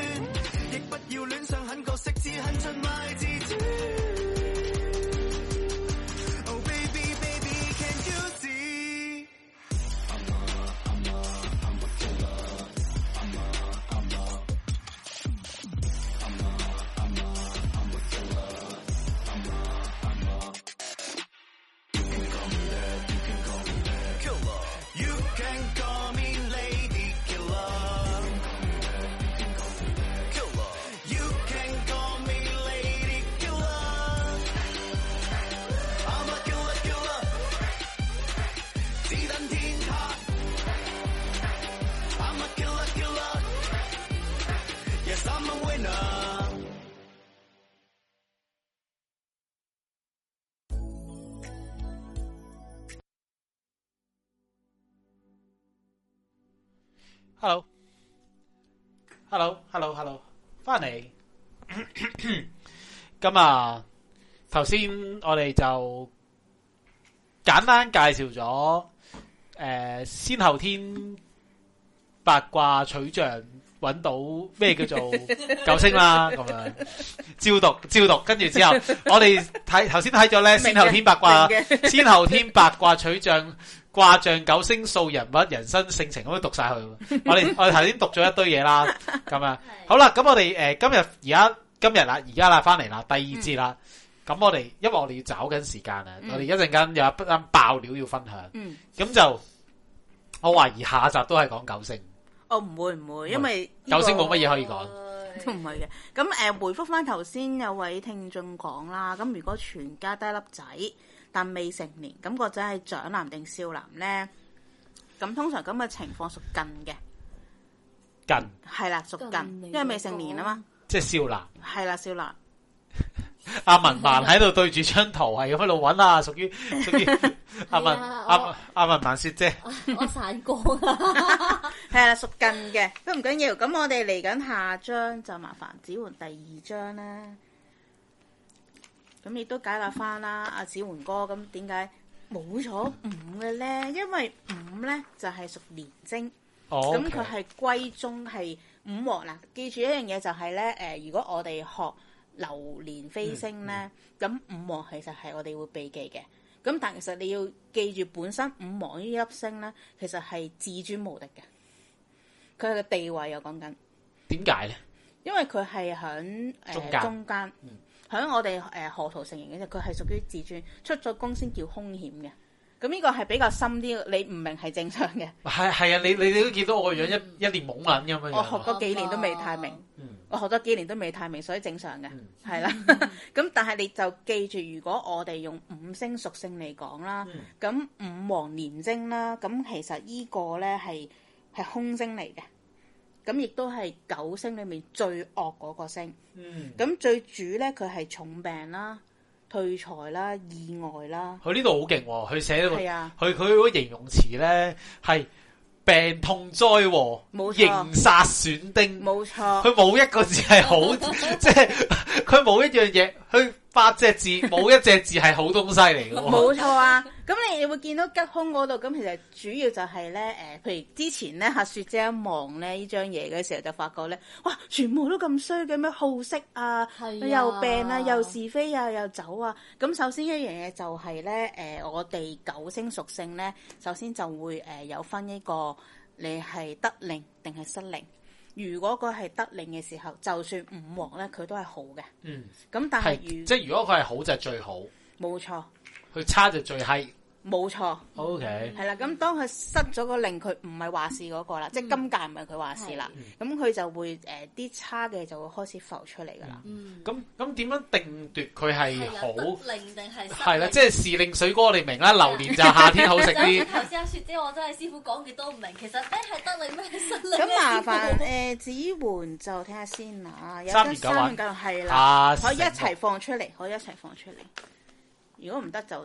不要戀上，狠角色，只狠出賣自己。hello，hello，hello，hello，翻嚟。咁啊，頭 先我哋就簡單介紹咗，誒、呃，先後天八卦取象，揾到咩叫做九星啦，咁 樣。照讀，照讀，跟住之後我哋睇，我哋睇頭先睇咗咧，白先後天八卦，白先後天八卦取象。卦象、九星、數人物、人生性情咁樣讀晒佢，我哋我哋頭先讀咗一堆嘢啦，咁啊，好啦，咁我哋誒今日而家今日啦，而家啦翻嚟啦，第二節啦，咁我哋因為我哋要找緊時間啊，我哋一陣間有一筆爆料要分享，咁就我懷疑下集都係講九星，哦唔會唔會，因為九星冇乜嘢可以講，都唔係嘅，咁誒回覆翻頭先有位聽眾講啦，咁如果全家得一粒仔。但未成年，咁個仔係長男定少男咧？咁通常咁嘅情況屬近嘅，近係啦，屬近，因為未成年啊嘛，即係少男，係啦，少男。阿文盲喺度對住張圖，係要喺度揾啊，屬於屬於阿文阿阿文盲說啫，我散光啊，係啦，屬近嘅都唔緊要。咁我哋嚟緊下張就麻煩只換第二張啦。咁亦都解答翻啦，阿子煥哥，咁點解冇咗五嘅咧？因為五咧就係屬廉貞，咁佢係歸中，係五王啦。記住一樣嘢就係、是、咧，誒、呃，如果我哋學流年飛星咧，咁、嗯嗯、五王其實係我哋會避忌嘅。咁但係其實你要記住，本身五王呢粒星咧，其實係至尊無敵嘅，佢係個地位又講緊。點解咧？為呢因為佢係響誒中間間。中間嗯喺我哋誒河圖成形嘅時候，佢係屬於自尊，出咗公先叫凶險嘅。咁呢個係比較深啲，你唔明係正常嘅。係係啊，你你你都見到我個樣一一年懵緊咁樣。我學過幾年都未太明，嗯、我學咗幾年都未太明，所以正常嘅係啦。咁、嗯、 但係你就記住，如果我哋用五星屬性嚟講啦，咁、嗯、五黃廉貞啦，咁其實這個呢個咧係係空星嚟嘅。咁亦都係九星裏面最惡嗰個星，咁、嗯、最主咧最主要佢係重病啦、退財啦、意外啦。佢呢度好勁喎，佢寫到，係啊，佢佢嗰形容詞咧係病痛災禍、錯刑殺損丁，冇錯錯。佢冇一個字係好，即係。佢冇一樣嘢，佢八隻字冇一隻字係好多東西嚟嘅。冇錯、哦、 啊！咁你會見到吉凶嗰度，咁其實主要就係、是、咧，誒、呃，譬如之前咧，牙雪姐一望咧呢張嘢嘅時候，就發覺咧，哇，全部都咁衰嘅咩？好色啊，是啊又病啊，又是非啊，又走啊。咁首先一樣嘢就係咧，誒、呃，我哋九星屬性咧，首先就會誒、呃、有分一個你係得靈定係失靈。如果佢係得令嘅時候，就算五黃咧，佢都係好嘅。嗯，咁但係是如即係如果佢係好就係最好，冇錯。佢差就最係。冇錯，OK，係啦。咁當佢失咗個令，佢唔係話事嗰個啦，即係今屆唔係佢話事啦。咁佢就會誒啲差嘅就會開始浮出嚟噶啦。嗯，咁咁點樣定奪佢係好令定係失？係啦，即係時令水哥，你明啦。榴槤就夏天好食啲。頭先阿雪姐，我真係師傅講嘅都唔明。其實真係得令咩失令？咁麻煩誒，指換就睇下先啦。三二九係啦，可以一齊放出嚟，可以一齊放出嚟。如果唔得就。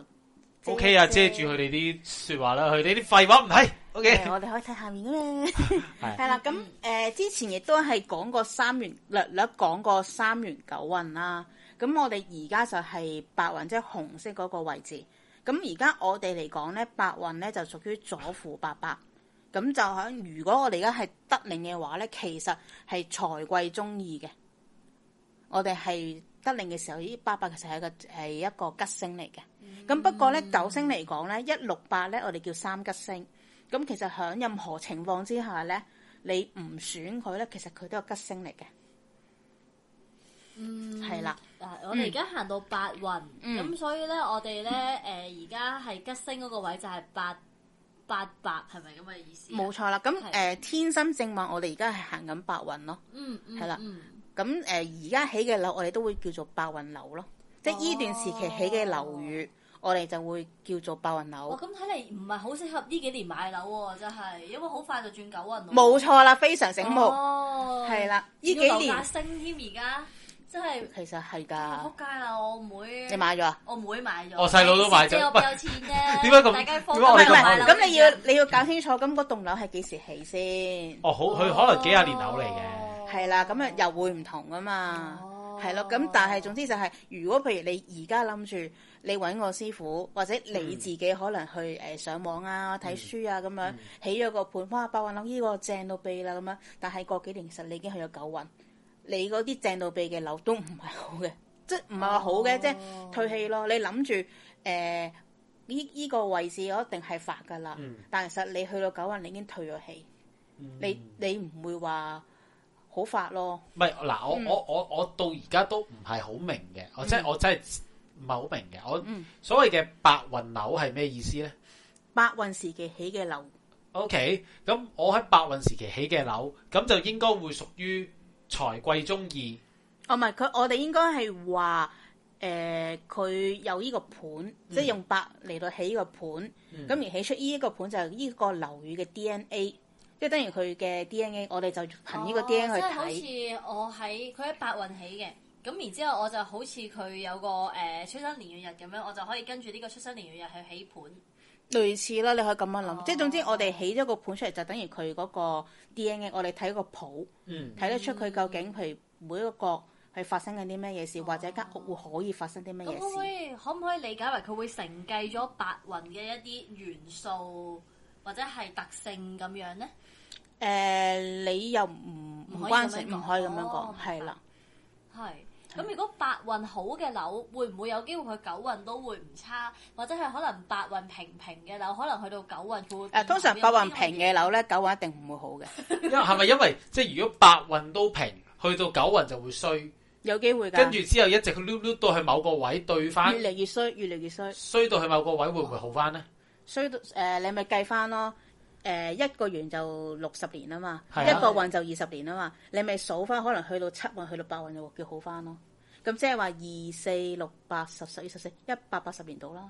O、OK 啊，遮住佢哋啲說話啦，佢哋啲廢話唔係。O、OK，我哋可以睇下面嘅咩？係 啦，咁呃，之前亦都係講過三元略略講過三元九運啦。咁我哋而家就係白雲，即係紅色嗰個位置。咁而家我哋嚟講咧，白雲咧就屬於左輔八白。咁就響，如果我哋而家係得令嘅話咧，其實係財貴中意嘅。我哋係。得令嘅時候，呢八百其實係個係一個吉星嚟嘅。咁、嗯、不過咧，九星嚟講咧，一六八咧，我哋叫三吉星。咁其實響任何情況之下咧，你唔選佢咧，其實佢都係吉星嚟嘅。嗯，係啦。我哋而家行到八云，咁所以咧，我哋咧，誒，而家係吉星嗰個位就係八八百。係咪咁嘅意思？冇錯啦。咁誒，天心正旺，我哋而家係行緊八云咯。嗯係啦。咁誒，而家起嘅樓，我哋都會叫做八運樓咯。即係呢段時期起嘅樓宇，我哋就會叫做八運樓。咁睇嚟，唔係好適合呢幾年買樓喎，真係，因為好快就轉九運。冇錯啦，非常醒目，係啦，呢幾年升添，而家真係。其實係噶。撲街啦！我妹。你買咗啊？我妹買咗。我細佬都買咗。我有錢啫。點解咁？大家放咗咪買樓？唔係，咁你要你要搞清楚，咁嗰棟樓係幾時起先？哦，好，佢可能幾廿年樓嚟嘅。係啦，咁啊又會唔同噶嘛？係咯、哦，咁但係總之就係、是，如果譬如你而家諗住你揾個師傅，或者你自己可能去上網啊睇書啊咁、嗯、樣起咗個盤，哇、嗯！八運諗呢個正到痹啦咁樣，但係過幾年其實你已經去咗九運，你嗰啲正到痹嘅樓都唔係好嘅，即唔係話好嘅，哦、即退氣咯。你諗住誒呢依個位置我一定係發噶啦，嗯、但係實你去到九運，你已經退咗氣，嗯、你你唔會話。好法咯，唔係嗱，我我我我到而家都唔係好明嘅，我即係嗯嗯、我真係唔係好明嘅。我所謂嘅白雲樓係咩意思咧？白雲時期起嘅樓，O K，咁我喺白雲時期起嘅樓，咁就應該會屬於財貴中意。哦，唔係佢，我哋應該係話，誒、呃，佢有呢個盤，即係用白嚟到起個盤，咁而起出呢一個盤、嗯嗯、就係呢個樓宇嘅 D N A。即係等於佢嘅 DNA，我哋就憑呢個 DNA 去睇，哦。即係好似我喺佢喺白雲起嘅，咁然後之後我就好似佢有個誒、呃、出生年月日咁樣，我就可以跟住呢個出生年月日去起盤。類似啦，你可以咁樣諗。哦、即係總之，我哋起咗個盤出嚟，就等於佢嗰個 DNA，我哋睇個譜，嗯，睇得出佢究竟譬如每一個角係發生緊啲咩嘢事，哦、或者間屋會可以發生啲咩嘢事。會唔會可唔可以理解為佢會承繼咗白雲嘅一啲元素或者係特性咁樣咧？誒、呃，你又唔唔關係唔可以咁樣講，係啦，係、哦。咁的如果八運好嘅樓，會唔會有機會佢九運都會唔差？或者係可能八運平平嘅樓，可能去到九運會誒、啊，通常八運平嘅樓咧，為九運一定唔會好嘅。因為係咪因為即係如果八運都平，去到九運就會衰，有機會㗎。跟住之後一直去溜溜到去某個位，對翻越嚟越衰，越嚟越衰，衰到去某個位會唔會好翻咧？衰到誒、呃，你咪計翻咯。誒一個元就六十年啊嘛，一個運就二十年啊嘛，你咪數翻，可能去到七運去到八運就叫好翻咯。咁即係話二四六八十十二十四一百八十年到啦。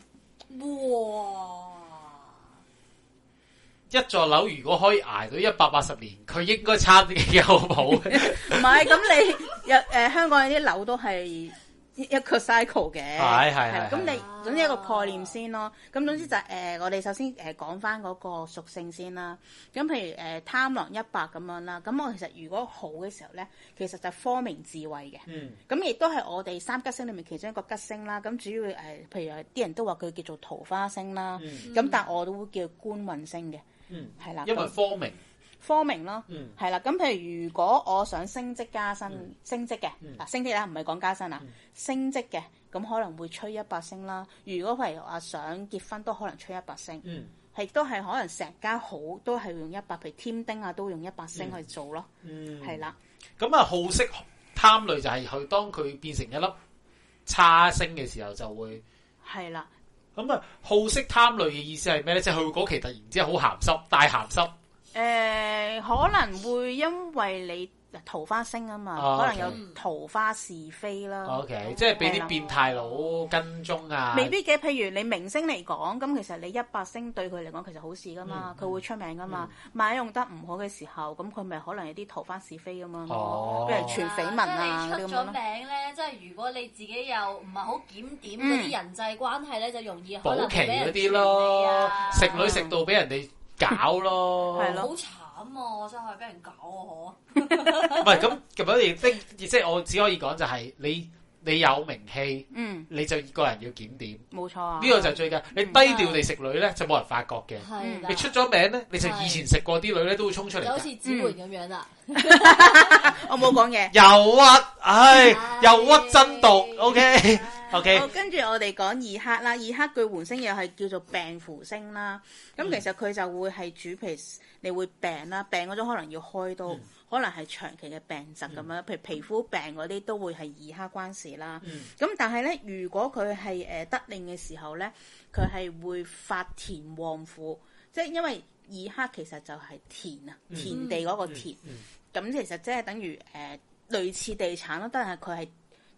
哇！一座樓如果可以捱到一百八十年，佢應該差啲，有冇唔係？咁 你、 呃、香港有啲樓都係。一個 cycle 嘅，係係係。咁是你是是是總之一個概念先咯。咁、啊、總之就誒、是呃，我哋首先誒、呃、講返嗰個屬性先啦。咁譬如誒、呃、貪狼一白咁樣啦。咁我其實如果好嘅時候咧，其實就係科明智慧嘅。嗯。咁亦都係我哋三吉星裏面其中一個吉星啦。咁主要誒、呃，譬如啲人都話佢叫做桃花星啦。咁、嗯、但係我都會叫官運星嘅。嗯。係啦了。因為科明。科明咯，係、嗯、啦。咁譬如如果我想升職加薪，嗯、升職嘅、嗯、升職啦，唔係講加薪啦，嗯、升職嘅，咁可能會吹一白星啦。如果係啊想結婚，都可能吹一白星，係都係可能成家好都係用一白，譬如添丁啊，都用一白星去做咯，係啦、嗯。咁啊的，嗯、好色貪累就係佢當佢變成一粒差星嘅時候就會係啦。咁啊的，好色貪累嘅意思係咩咧？即係佢嗰期突然之間好鹹濕，大鹹濕。誒可能會因為你桃花星啊嘛，可能有桃花是非啦。O K，即係俾啲變態佬跟蹤啊。未必嘅，譬如你明星嚟講，咁其實你一百星對佢嚟講其實好事噶嘛，佢會出名噶嘛。萬一用得唔好嘅時候，咁佢咪可能有啲桃花是非㗎嘛，俾人傳緋聞啊，咁出咗名咧，即係如果你自己又唔係好檢點嗰啲人際關係咧，就容易可能俾人傳你啊，食女食到俾人哋。搞咯，好慘啊，我真係俾人搞我，唔係咁咁樣？亦即亦我只可以講就係你你有名氣，嗯，你就個人要檢點，冇錯啊。呢個就最緊，你低調地食女咧就冇人發覺嘅，係你出咗名咧，你就以前食過啲女咧都會衝出嚟，好似紫媛咁樣啦。我冇講嘢，又屈，唉，又屈真毒，OK。Okay. 哦，跟住我哋講二黑啦，二黑巨門星又係叫做病符星啦。咁、嗯、其實佢就會係主皮你會病啦，病嗰種可能要開刀，嗯、可能係長期嘅病疾咁樣，嗯、譬如皮膚病嗰啲都會客係二黑關事啦。咁、嗯、但係咧，如果佢係誒得令嘅時候咧，佢係會發田旺富，即係因為二黑其實就係田啊，田地嗰個田。咁、嗯嗯嗯嗯、其實即係等於誒、呃、類似地產咯，但係佢係。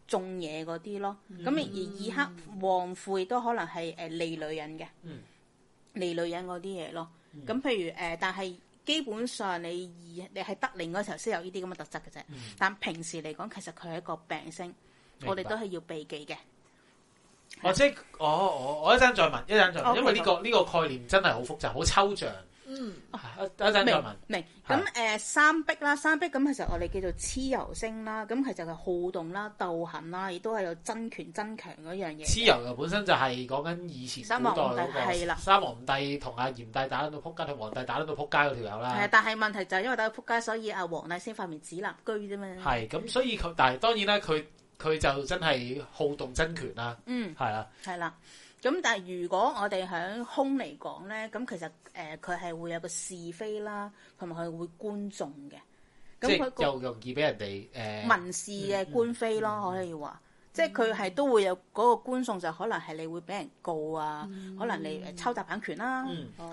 種嘢嗰啲咯，咁、嗯、而二黑旺富都可能係利女人嘅，嗯、利女人嗰啲嘢咯。咁、嗯、譬如、呃、但係基本上你二你得令嗰時候先有呢啲咁嘅特質嘅啫。嗯、但平時嚟講，其實佢係一個病星，明白我哋都係要避忌嘅。哦，即係是、哦，我我我一陣再問，一陣再 okay, 因為呢、這個呢 okay. 個概念真係好複雜，好抽象。嗯，啊、等等明明咁誒是、啊呃、三碧啦，三碧咁其實我哋叫做蚩尤星啦，咁其實係好動啦、鬥狠啦，亦都係有爭權爭強嗰樣嘢。蚩尤本身就係講緊以前古代嗰個三皇，皇、啊、三皇帝，係啦，三皇帝同阿炎帝打得到撲街，同黃帝打得到撲街嗰條友啦。係、啊，但係問題就係因為打到撲街，所以阿黃帝先發明指立居啫嘛。係、啊，咁所以佢，但係當然啦，佢佢就真係好動爭權啦。嗯，係啦、啊，係啦、啊。咁但係如果我哋喺空嚟講咧，咁其實誒佢係會有個是非啦，同埋佢會官訟嘅。咁佢又容易俾人哋誒民事嘅官非咯，可以話，即係佢係都會有嗰個官訟，就可能係你會俾人告啊，可能你抄襲版權啦，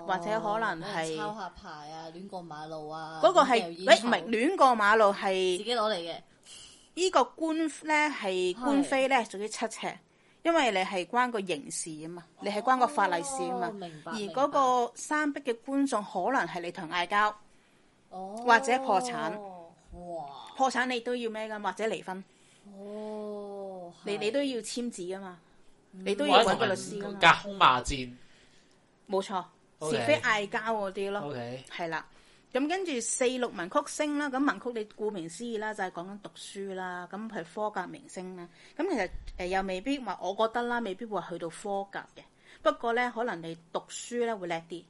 或者可能係抄下牌啊，亂過馬路啊。嗰個係誒唔係亂過馬路係自己攞嚟嘅。呢個官咧係官非咧，總之七赤。因為你係關個刑事啊嘛，哦、你係關個法例事啊嘛。明白。而嗰個三碧嘅觀眾可能係你同嗌交，哦、或者破產。哇！破產你都要咩㗎？或者離婚？哦，你你都要簽字啊嘛，你都要揾、嗯、個律師㗎。隔空罵戰，冇錯，沒錯 Okay. 是非嗌交嗰啲咯，係啦 Okay。咁跟住四六文曲星啦，咁文曲你顧名思義啦，就係講緊讀書啦，咁係科甲明星啦。咁其實誒又未必話我覺得啦，未必會去到科甲嘅。不過咧，可能你讀書咧會叻啲。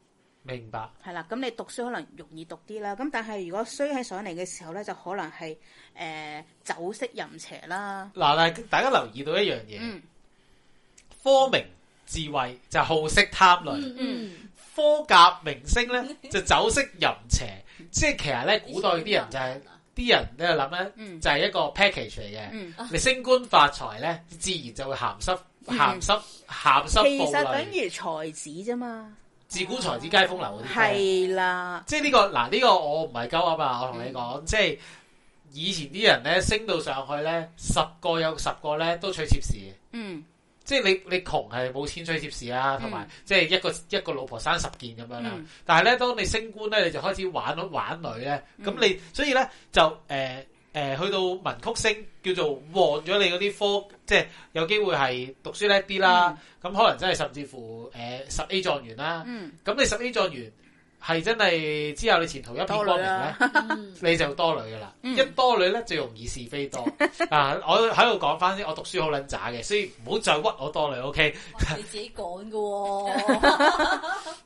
明白。係啦，咁你讀書可能容易讀啲啦。咁但係如果衰喺上嚟嘅時候咧，就可能係誒酒色淫邪啦。嗱，大家留意到一樣嘢，嗯、科名智慧就好色貪女。嗯，嗯。科甲明星咧，就酒色淫邪， 即係其實咧，古代啲人就係、是、啲人喺度諗咧，就係、嗯、一個 package 嚟嘅。嗯、你升官發財咧，自然就會鹹濕、鹹濕、鹹濕暴利。其實等於才子啫嘛，自古才子皆風流嗰啲。係啦，即係呢個嗱，呢個我唔係鳩啊嘛，我同你講，嗯、即係以前啲人咧，升到上去咧，十個有十個咧都取妾侍。嗯。.即係你你窮係冇錢追貼士啊，同埋即係一個、嗯、一個老婆生十件咁樣啦。但係咧，當你升官咧，你就開始玩玩女咧。咁你、嗯、所以咧就誒、呃呃、去到文曲星叫做旺咗你嗰啲科，嗯、即係有機會係讀書叻啲啦。咁、嗯、可能真係甚至乎誒、呃、十 A 狀元啦。咁、嗯、你十 A 狀元。係真係之後你前途一片光明咧，你就多女噶啦。一、嗯、多女咧，最容易是非多。嗯、啊，我喺度講翻先，我讀書好撚渣嘅，所以唔好再屈我多女，O、okay? K？你自己講噶、哦。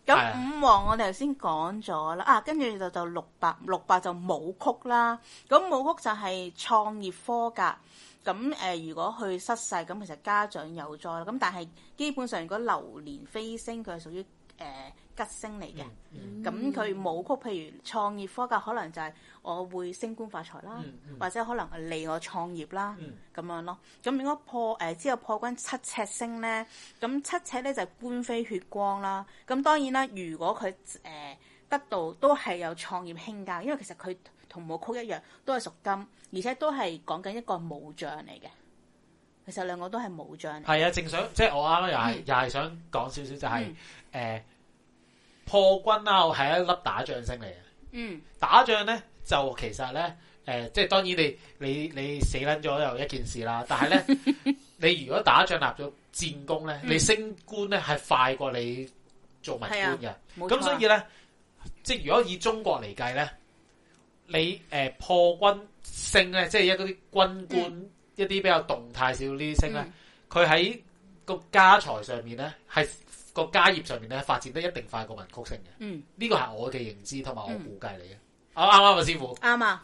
咁 五黃我頭先講咗啦，啊，跟住就六白,六白就六白，六白就武曲啦。咁武曲就係創業科噶。咁誒，如果佢失勢，咁其實家長有災啦。咁但係基本上如果流年飛星，佢係屬於誒。呃吉星嚟嘅，咁佢武曲，譬如創業科格，可能就係我會升官發財啦，嗯嗯、或者可能利我創業啦，咁、嗯、樣咯。咁如果破誒、呃、之後破軍七赤星咧，咁七赤咧就官非血光啦。咁當然啦，如果佢、呃、得到都係有創業興家，因為其實佢同武曲一樣，都係屬金，而且都係講緊一個武將嚟嘅。其實兩個都係武將。係啊，正想即係我啱啱又係又想講少少就係、是嗯呃破軍啊我係一粒打仗星嚟嘅。嗯，打仗咧就其實咧，誒、呃，即係當然你你你死撚咗又一件事啦。但係咧， 你如果打仗立咗戰功咧，嗯、你升官咧係快過你做文官嘅。咁、啊啊、所以咧，即係如果以中國嚟計咧，你誒、呃、破軍星咧，即係一啲軍官、嗯、一啲比較動態少啲星咧，佢喺、嗯、個家財上面咧係。個家業上面咧發展得一定快過文曲星嘅，呢個係我嘅認知同埋我估計你嘅。嗯、啊啱啱啊，師傅？啱啊，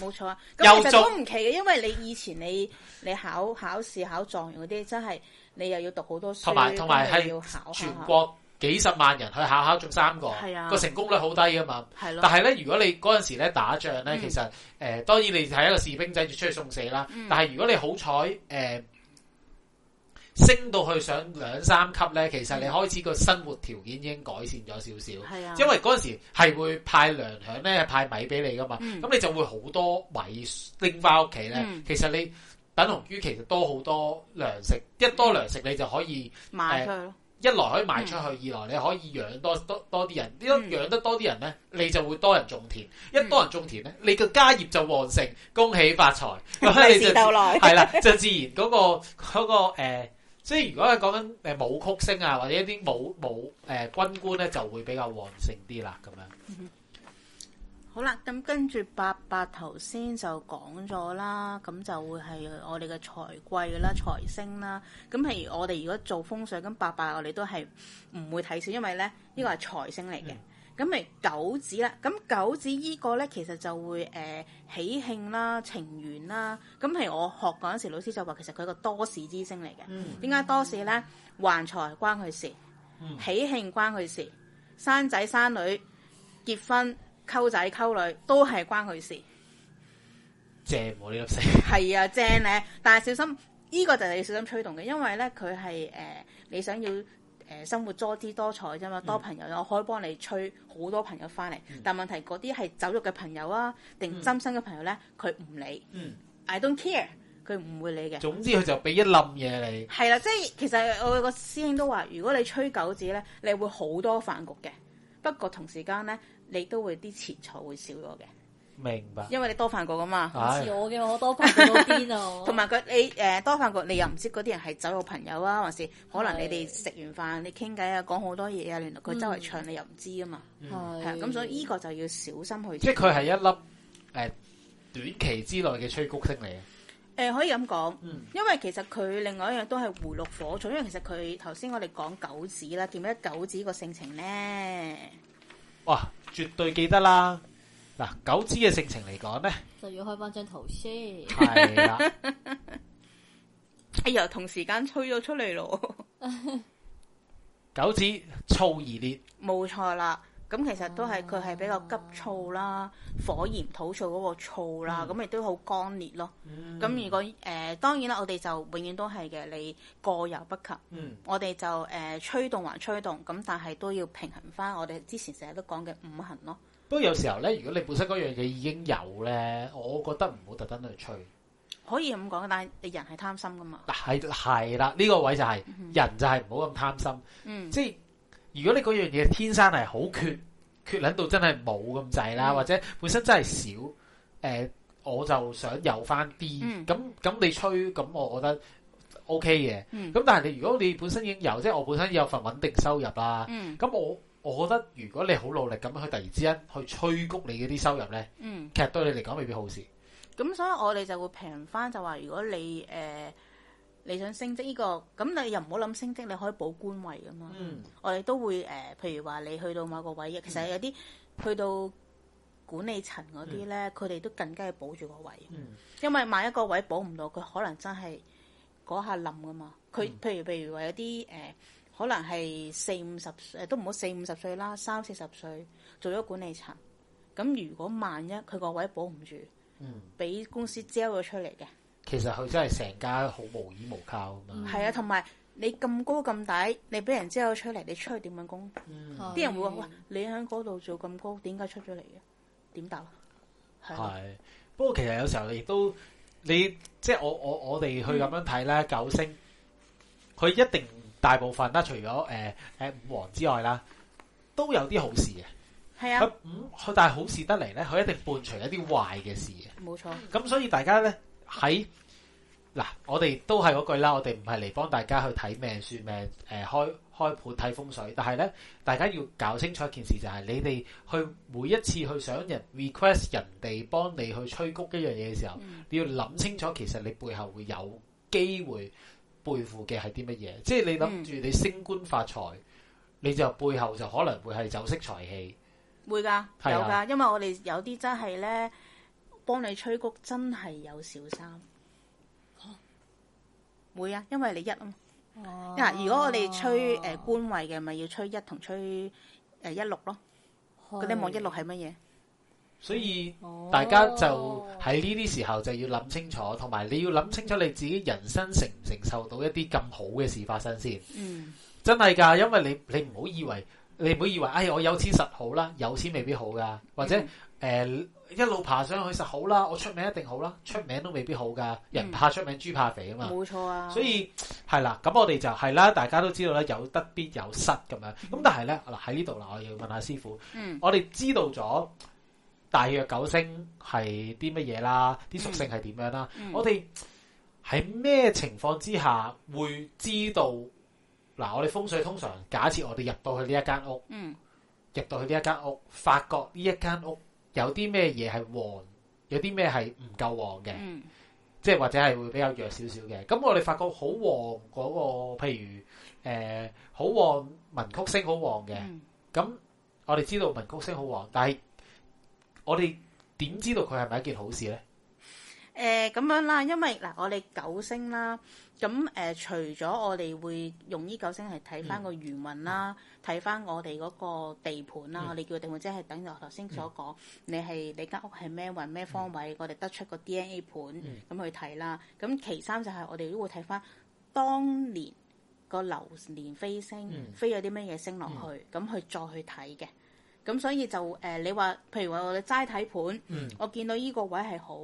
冇錯啊。其實都唔奇嘅，因為你以前你你考考試考狀元嗰啲，真係你又要讀好多書，同埋同埋係全國幾十萬人去考考，中三個，係啊、嗯，個成功率好低噶嘛。係咯的。但係咧，如果你嗰陣時咧打仗咧，其實誒、嗯呃，當然你係一個士兵仔，要出去送死啦。嗯、但係如果你好彩誒。呃升到去上兩三級呢，其實你開始個生活條件已經改善咗少少。啊、因為嗰陣時係會派糧響咧，派米俾你㗎嘛。咁、嗯、你就會好多米拎翻屋企呢。嗯、其實你等同於其實多好多糧食，嗯、一多糧食你就可以賣去、呃。一來可以賣出去，嗯、二來你可以養多多多啲人。一養得多啲人呢，你就會多人種田。嗯、一多人種田呢，你個家業就旺盛，恭喜發財。咁、嗯、你就 就自然嗰、嗰個嗰、嗰個呃即係如果係講緊誒武曲星啊，或者一啲武武誒、呃、軍官咧，就會比較旺盛啲啦咁樣、嗯。好啦，咁跟住八八頭先就講咗啦，咁就會係我哋嘅財貴啦、財星啦。咁譬如我哋如果做風水，咁八八我哋都係唔會睇少，因為咧呢個係財星嚟嘅。嗯咁咪九子啦，咁九子依個咧，其實就會誒喜、呃、慶啦、情緣啦，咁係我學嗰陣時，老師就話，其實佢係個多事之星嚟嘅。點解、嗯、多事咧？嗯、還財關佢事，喜、嗯、慶關佢事，生仔生女、結婚、溝仔溝女都係關佢事。正喎呢粒星。係啊，正咧、啊啊，但係小心依、這個就係你要小心吹動嘅，因為咧佢係誒你想要。誒生活多姿多彩啫嘛，多朋友，嗯、我可以幫你吹好多朋友翻嚟。嗯、但問題嗰啲係酒肉嘅朋友啊，定真心嘅朋友咧，佢唔、嗯、理、嗯，I don't care，佢唔會理嘅。總之佢就俾一冧嘢你。係啦，即係其實我個師兄都話，如果你吹九仔咧，你會好多飯局嘅。不過同時間咧，你都會啲錢財會少咗嘅。明白，因為你多飯局噶嘛，好似我嘅我多飯局啲同埋佢你誒、呃、多飯局，你又唔知嗰啲人係酒肉朋友啊，還是可能你哋食完飯你傾偈啊，講好多嘢啊，原來佢周圍唱、嗯、你又唔知啊嘛，係、嗯，咁所以呢個就要小心去。即係佢係一粒誒、呃、短期之內嘅催谷星嚟，誒、呃、可以咁講、嗯，因為其實佢另外一樣都係活絡火種，因為其實佢頭先我哋講九紫啦，點解九紫個性情咧？哇，絕對記得啦！嗱，九紫嘅性情嚟講咧，就要開翻張圖先。係啊 的， 哎呀，同時間吹咗出嚟咯。九紫燥而烈，冇錯啦。咁其實都係佢係比較急躁啦，嗯、火炎土燥嗰個燥啦，咁亦都好乾裂咯。咁、嗯、如果誒、呃，當然啦，我哋就永遠都係嘅，你過猶不及。嗯，我哋就誒、呃、吹動還吹動，咁但係都要平衡翻我哋之前成日都講嘅五行咯。不過有時候咧，如果你本身嗰樣嘢已經有咧，我覺得唔好特登去吹。可以咁講，但係你人係貪心噶嘛？係係啦，呢、個位就係、是嗯、哼人就係唔好咁貪心。嗯、即係如果你嗰樣嘢天生係好缺，缺捻到真係冇咁滯啦，嗯、或者本身真係少，誒、呃，我就想有翻啲。咁咁、嗯、你吹，咁我覺得 O K 嘅。咁、嗯、但係你如果你本身已經有，即係我本身有份穩定收入啦。咁、嗯、我。我覺得如果你好努力咁樣，去突然之間去催谷你嗰啲收入咧，嗯、其實對你嚟講未必好事。咁所以我哋就會平返，就話如果你誒、呃、你想升職呢、這個，咁你又唔好諗升職，你可以保官位㗎嘛。嗯、我哋都會誒、呃，譬如話你去到某個位，嗯、其實有啲去到管理層嗰啲咧，佢哋、嗯、都更加要保住嗰個位，嗯、因為萬一個位保唔到，佢可能真係嗰下冧㗎嘛。佢、嗯、譬如譬如話有啲誒。呃可能係四五十歲，誒都唔好四五十歲啦，三四十歲做咗管理層。咁如果萬一佢個位保唔住，嗯，俾公司招咗出嚟嘅，其實佢真係成家好無依無靠啊嘛。係啊，同埋你咁高咁大，你俾人招咗出嚟，你出去點搵工？啲、嗯、人會話：喂、嗯，你喺嗰度做咁高，點解出咗嚟嘅？點答？係、啊。不過其實有時候你亦都，你即係我我我哋去咁樣睇咧，嗯、九星，佢一定。大部分啦，除咗誒誒五黃之外啦，都有啲好事嘅。係啊，咁佢但係好事得嚟咧，佢一定伴隨一啲壞嘅事嘅。冇錯。咁所以大家咧喺嗱，我哋都係嗰句啦，我哋唔係嚟幫大家去睇命算命，誒、呃、開開盤睇風水。但係咧，大家要搞清楚一件事，就係，就係你哋去每一次去想人 request 人哋幫你去催谷一樣嘢嘅時候，嗯、你要諗清楚，其實你背後會有機會。背負嘅係啲乜嘢？即係你諗住你升官發財，嗯、你就背後就可能會係酒色財氣，會噶的，是的有噶，因為我哋有啲真係咧幫你吹谷，真係有小三。哦，會啊，因為你一啊嘛。哦哇。嗱，如果我哋吹誒、呃、官位嘅，咪要吹一同吹誒、呃、一六咯。嗰啲是望一六係乜嘢？所以大家就喺呢啲時候就要諗清楚，同埋、哦、你要諗清楚你自己人生承唔承受到一啲咁好嘅事發生先。嗯，真係噶，因為你你唔好以為，你唔好以為，哎，我有錢實好啦，有錢未必好噶。或者誒、嗯呃，一路爬上去實好啦，我出名一定好啦，出名都未必好噶。人怕出名，豬怕肥啊嘛。冇錯啊。所以係啦，咁錯、啊、我哋就係啦。大家都知道啦，有得必有失咁樣。咁但係咧，嗱喺呢度啦，我要問下師傅，嗯、我哋知道咗。大約九星係啲乜嘢啦？啲屬、嗯、性係點樣啦，啊？嗯、我哋喺咩情況之下會知道？嗱，我哋風水通常假設我哋入到去呢一間屋，嗯、入到去呢一間屋，發覺呢一間屋有啲咩嘢係旺，有啲咩係唔夠旺嘅，即係、嗯、或者係會比較弱少少嘅。咁我哋發覺好旺嗰個，譬如誒好旺文曲星好旺嘅，咁、嗯、我哋知道文曲星好旺，但係。我哋點知道佢係咪一件好事咧？誒咁、呃、樣啦，因為嗱，我哋九星啦，咁誒、呃，除咗我哋會用呢九星係睇翻個元運啦，睇翻、嗯、我哋嗰個地盤啦，你、嗯、叫地盤即係等於我頭先所講、嗯，你係你間屋係咩運咩方位，嗯、我哋得出個 DNA 盤咁去睇啦。咁其三就係我哋都會睇翻當年個流年飛星，嗯、飛咗啲咩嘢升落去，咁、嗯、去再去睇嘅。咁所以就誒、呃，你話譬如話我齋睇盤，嗯、我見到呢個位係好，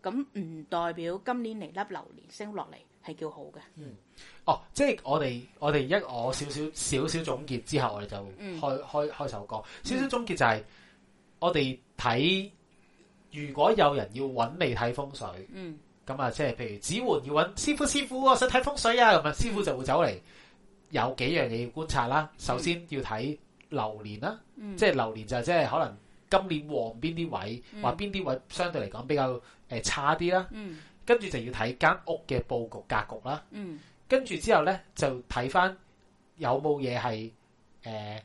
咁唔、嗯、代表今年嚟粒流年升落嚟係叫好嘅、嗯。哦，即係我哋我哋一我少少少少總結之後，我哋就開、嗯、開開首歌。嗯、少少總結就係我哋睇，如果有人要揾你睇風水，咁啊、嗯，即係譬如指煥要揾師傅，師傅我想睇風水啊，咁啊，師傅就會走嚟。有幾樣嘢要觀察啦，首先要睇。嗯要流年啦，即係流年就即係可能今年旺邊啲位，或邊啲位相對嚟講比較誒差啲啦。跟住就要睇間屋嘅布局格局啦。跟住之後咧就睇翻有冇嘢係誒，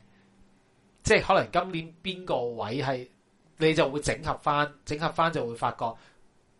即係可能今年邊個位係，你就會整合翻，整合翻就會發覺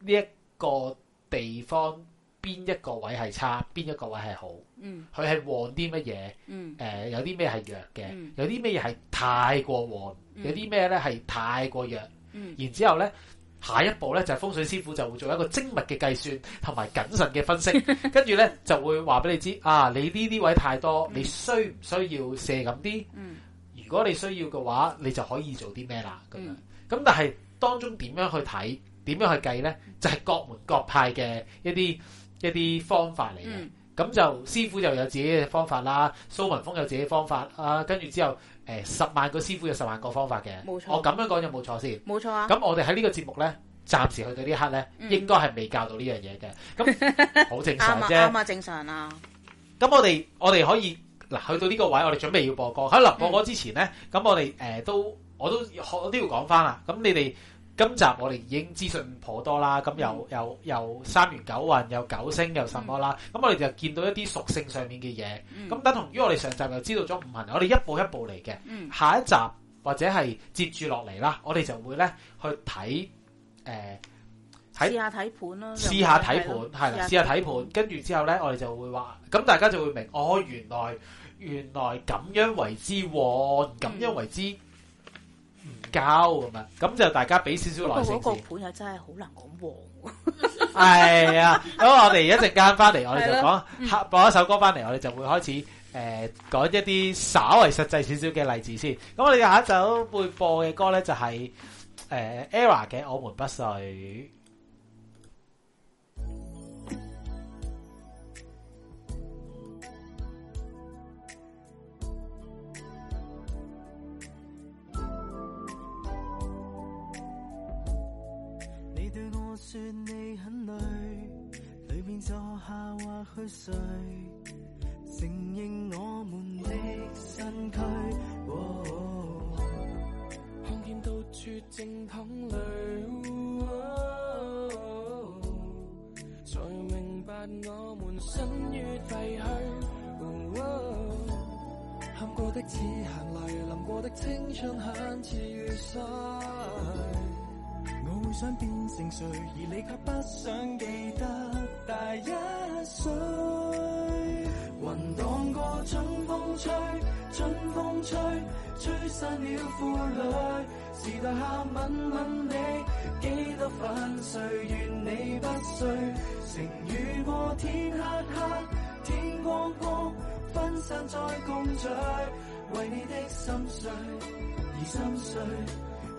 呢一個地方邊一個位係差，邊一個位係好。嗯，佢係旺啲乜嘢？嗯、誒、呃，有啲咩係弱嘅？嗯、有啲咩嘢係太過旺？嗯、有啲咩咧係太過弱？嗯、然之後咧，下一步咧就係、是、風水師傅就會做一個精密嘅計算同埋謹慎嘅分析，跟住咧就會話俾你知啊，你呢啲位太多，嗯、你需唔需要射咁啲？嗯，如果你需要嘅話，你就可以做啲咩啦？咁樣，咁、嗯、但係當中點樣去睇？點樣去計咧？就係、是、各門各派嘅一啲一啲方法嚟嘅。嗯咁就師傅又有自己嘅方法啦，蘇文峰有自己嘅方法啊，跟住之後、欸，十萬個師傅有十萬個方法嘅，冇錯我咁樣講有冇錯先？冇錯啊！咁我哋喺呢個節目咧，暫時去到呢一刻呢刻咧，嗯、應該係未教到呢樣嘢嘅，咁好 正常啫，啱啊，啊正常啦、啊、咁我哋我哋可以嗱去到呢個位，我哋準備要播歌，喺臨播歌之前咧，咁、嗯、我哋都、呃、我都我都要講翻啦，咁你哋。今集我哋已經資訊頗多啦，咁有、嗯、有有三元九運，有九星，有什麼啦？咁、嗯、我哋就見到一啲屬性上面嘅嘢。咁等、嗯、同於我哋上集又知道咗五行，我哋一步一步嚟嘅。嗯、下一集或者係接住落嚟啦，我哋就會呢去睇，誒、呃，睇試下睇盤啦，試下睇盤，係啦，試下睇盤。跟住之後呢，我哋就會話，咁大家就會明，哦，原來原來咁樣為之，咁樣為之。嗯交咁啊，咁就大家俾少少耐性先。個盤又真係好難講旺喎。係啊，咁我哋一陣間翻嚟，我哋就講播、嗯、一首歌翻嚟，我哋就會開始、呃、講一啲稍為實際少少嘅例子先。咁我哋下一首會播嘅歌咧就係 Era 嘅《我們不碎》。說你很累，裏面坐下或去睡，承認我們的身軀，哦哦哦哦看見到處正淌淚，才明白我們身於廢墟，喊、哦哦哦、過的只行淚，淋過的青春很似雨碎。想變成誰，而你卻不想記得大一歲。雲蕩過春風吹，春風吹，吹散了負累。時代下吻吻你，幾多煩碎，願你不碎。晴雨過天黑黑，天光光，分散再共聚，為你的心碎而心碎。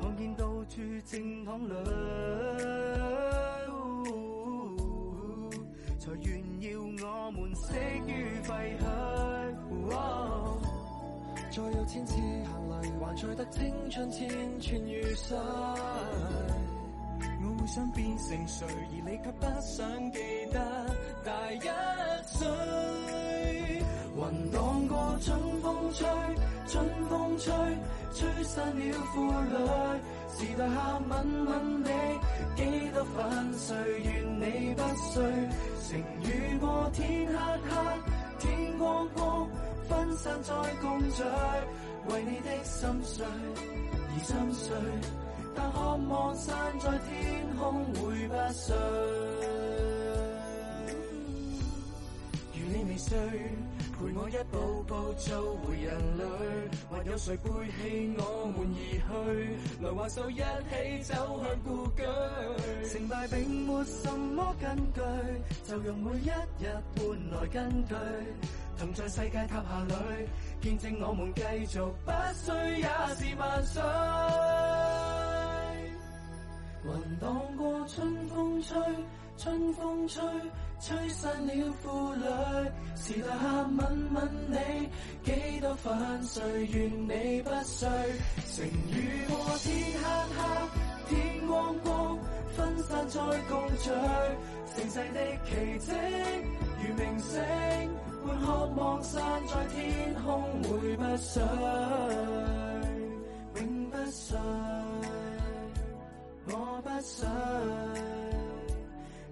看見到處正淌淚，哦，才炫耀我們死於廢墟。哦、再有千次行淚，還碎得青春千串如碎。我會想變成誰，而你卻不想記得大一歲。雲蕩過，春風吹，春風吹，吹散了負累。時代下聞聞，吻吻你，幾多紛碎，願你不碎。晴雨過，天黑黑，天光光，分散再共聚。為你的心碎而心碎，但渴望散在天空會不碎。如你未睡。陪我一步步做回人類，還有誰背棄我們而去？來挽手一起走向故居。成敗並沒什麼根據，就用每一日換來根據。同在世界塔下裏，見證我們繼續不需也是萬歲。雲蕩過春風吹，春風吹。吹散了負累，時代下問問你，幾多紛碎，願你不碎。晴雨過天黑黑，天光光，分散在共聚，盛世的奇蹟。如明星，會渴望散在天空，會不碎，永不碎，我不碎。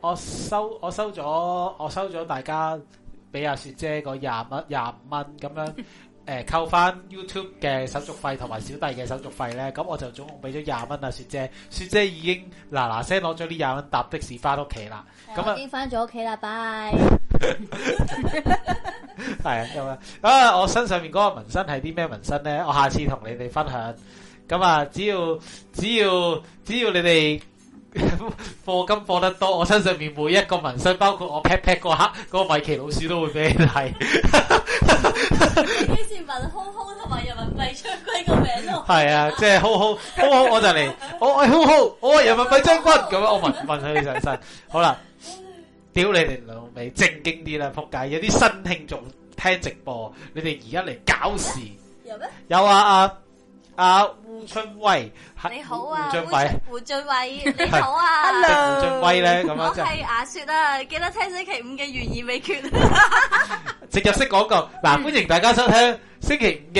我收我收咗我收咗大家俾阿、啊、雪姐個廿蚊廿五蚊咁樣，誒、呃、扣翻 YouTube 嘅手續費同埋小弟嘅手續費咧，咁我就總共俾咗廿蚊阿雪姐，雪姐已經嗱嗱聲攞咗呢廿蚊搭的士翻屋企啦，咁啊，翻咗屋企啦，拜，係啊，啊，我身上面嗰個紋身係啲咩紋身咧？我下次同你哋分享。咁啊，只要只要只要你哋。課金課得多，我身上面每一個紋身，包括我 pat pat 個、那個米奇老鼠，都會俾你睇。 於是紋空空同埋人民幣將軍個名咯，係啊，即係轟轟轟轟，哄哄哄哄我就嚟，我我空空，我、哎哦、人民幣將軍咁， 樣我紋紋喺你身上。 好啦，屌你哋兩味，正經啲啦，仆街，有啲新聽眾聽直播，你哋而家嚟搞事有咩？啊有啊啊啊！胡俊威你好啊！胡俊偉，胡俊偉 你好啊！ 胡俊威咧咁 樣我係阿雪啊！ 記得聽星期五嘅懸疑未決。 植入式廣告嗱， 歡迎大家收聽。星期五嘅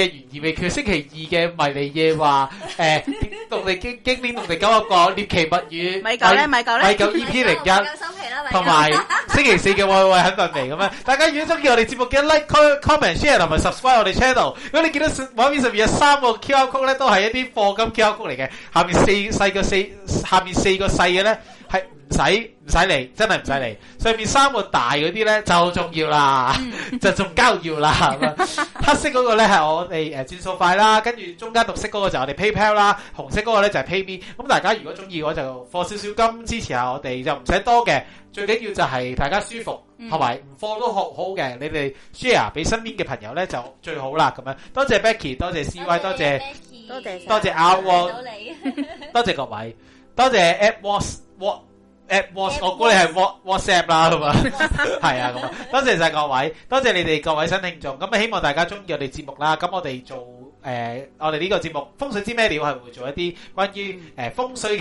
懸疑未決，星期二嘅迷你夜話，誒、欸，同 我哋經經典同我哋一個講獵奇物語，米九咧米九咧，米九 EP 零一，同埋星期四嘅喂喂喂肯瞓未咁樣， 大家如果中意我哋節目嘅 like、comment、share 同埋 subscribe 我哋 channel。如果你見到上畫面上面有三個 QR code 咧，都係一啲課金 QR code 嚟嘅，下面四細個四下面四個細嘅咧。唔使唔使嚟，真係唔使嚟。上面三個大嗰啲咧就重要啦，就仲交要啦。要 黑色嗰個咧係我哋轉數快啦，跟住中間綠色嗰個就我哋 PayPal 啦，紅色嗰個咧就係 PayMe。咁大家如果中意，我就放少少金支持下我哋，就唔使多嘅。最緊要就係大家舒服，係咪、嗯？唔放都好好嘅。你哋 share 俾身邊嘅朋友咧就最好啦。咁樣多謝 Becky，多謝 C.Y，多謝多謝多謝 a l 多， 多謝各位，多謝 Apple Watch。w h a t s, At was, S, At 我估你係 whatsapp 啦咁 啊，係啊咁啊，多謝晒各位，多謝你哋各位新聽眾，咁啊希望大家中意我哋節目啦。咁我哋做誒、呃，我哋呢個節目風水知咩料係會做一啲關於誒、呃、風，風，風水，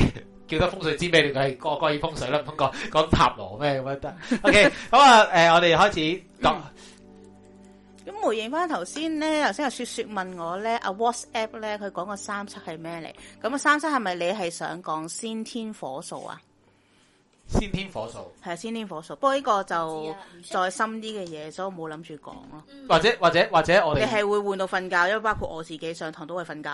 叫得風水知咩料，係個個以風水啦，唔通講講塔羅咩咁都得。 OK，咁、呃、 啊，誒，我哋開始咁。咁回應翻頭先咧，頭先阿雪雪問我咧，阿 WhatsApp 咧，佢講個三七係咩嚟？咁啊，三七係咪你係想講先天火數啊？先天火數係先天火數，不過呢個就再深啲嘅嘢，所以我冇諗住講咯。或者或者或者我哋你係會換到瞓覺，因為包括我自己上堂都會瞓覺。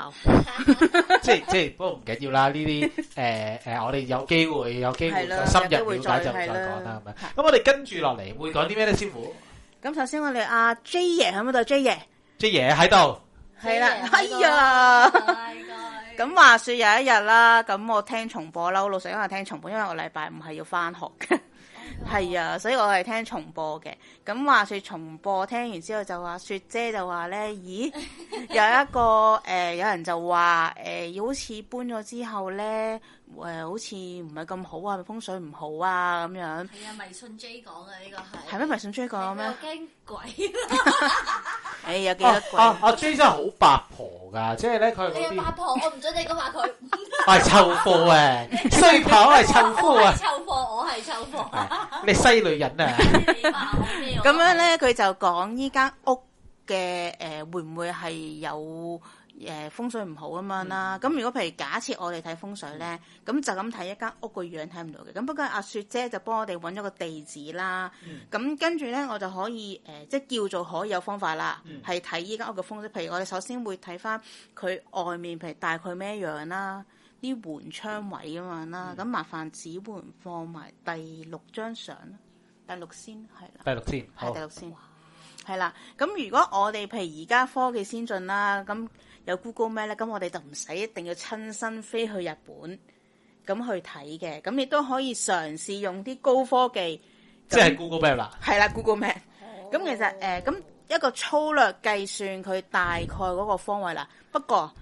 即係即係，不過唔緊要啦。呢啲誒誒，我哋有機會有機會了深入了解就再講啦。咁我哋跟住落嚟會講啲咩咧，師傅？咁首先我哋阿、啊、J 爺喺度？J 爺 J 爺喺度。係啦了，哎呀！咁話說有一日啦，咁我聽重播啦，老實因為聽重播，因為我禮拜五係要翻學嘅，係、oh. 啊，所以我係聽重播嘅。咁話說重播，聽完之後就話雪姐就話咧，咦， 有一個、呃、有人就話、呃、好似搬咗之後咧。喂、呃、好似唔係咁好啊，風水唔好啊，咁樣。係啊，迷信 J 講嘅呢個係。係咩迷信 J 講咩？又驚鬼、啊。 哎，有幾多鬼？阿阿 J 真係好八婆噶，即係咧佢係你八婆，我唔准你咁話佢。係 臭貨啊，衰 婆係臭貨啊。 臭貨，我係臭貨。 你西女人啊！咁 樣咧，佢就講依間屋嘅誒、呃，會唔會係有？誒風水唔好吖嘛啦。咁、嗯、如果譬如假設我哋睇風水咧，咁、嗯、就咁睇一間屋個樣睇唔到嘅。咁不過阿雪姐就幫我哋揾咗個地址啦。咁、嗯、跟住咧，我就可以、呃、即係叫做可以有方法啦，係睇依間屋嘅風水。譬如我哋首先會睇翻佢外面，譬如大概咩樣啦，啲門窗位咁樣啦。咁、嗯、麻煩牙桓放埋第六張相，第六先係啦，第，第六先係，第六先係啦。咁如果我哋譬如而家科技先進啦，咁。有 Google Map 咧，咁我哋就唔使一定要親身飛去日本咁去睇嘅，咁亦都可以嘗試用啲高科技，即係 Go Google Map 啦，係啦，Google Map，咁其實誒，咁、呃、一個粗略計算佢大概嗰個方位啦。嗯、不過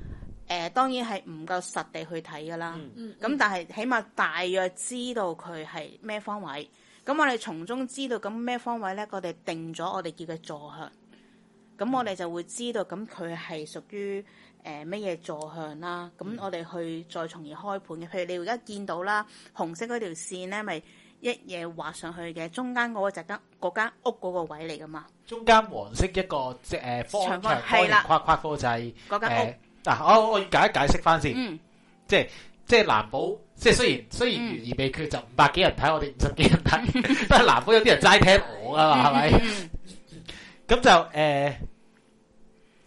誒、呃，當然係唔夠實地去睇噶啦。咁、嗯、但係起碼大約知道佢係咩方位。咁我哋從中知道咁咩方位咧？我哋定咗我哋叫嘅坐向。咁我哋就會知道，咁佢係屬於誒乜嘢座向啦。咁我哋去再從而開盤嘅，譬如你而家見到啦，紅色嗰條線咧，咪一嘢畫上去嘅，中間嗰個就間嗰間屋嗰個位嚟噶嘛。中間黃色一個即係方長方形啦，框框科就係嗰間屋。嗱，我我解解釋翻先，即係即係南寶，即係雖然雖然餘味缺就五百幾人睇，我哋五十幾人睇，但係南寶有啲人齋聽我噶嘛，係咪？咁就誒。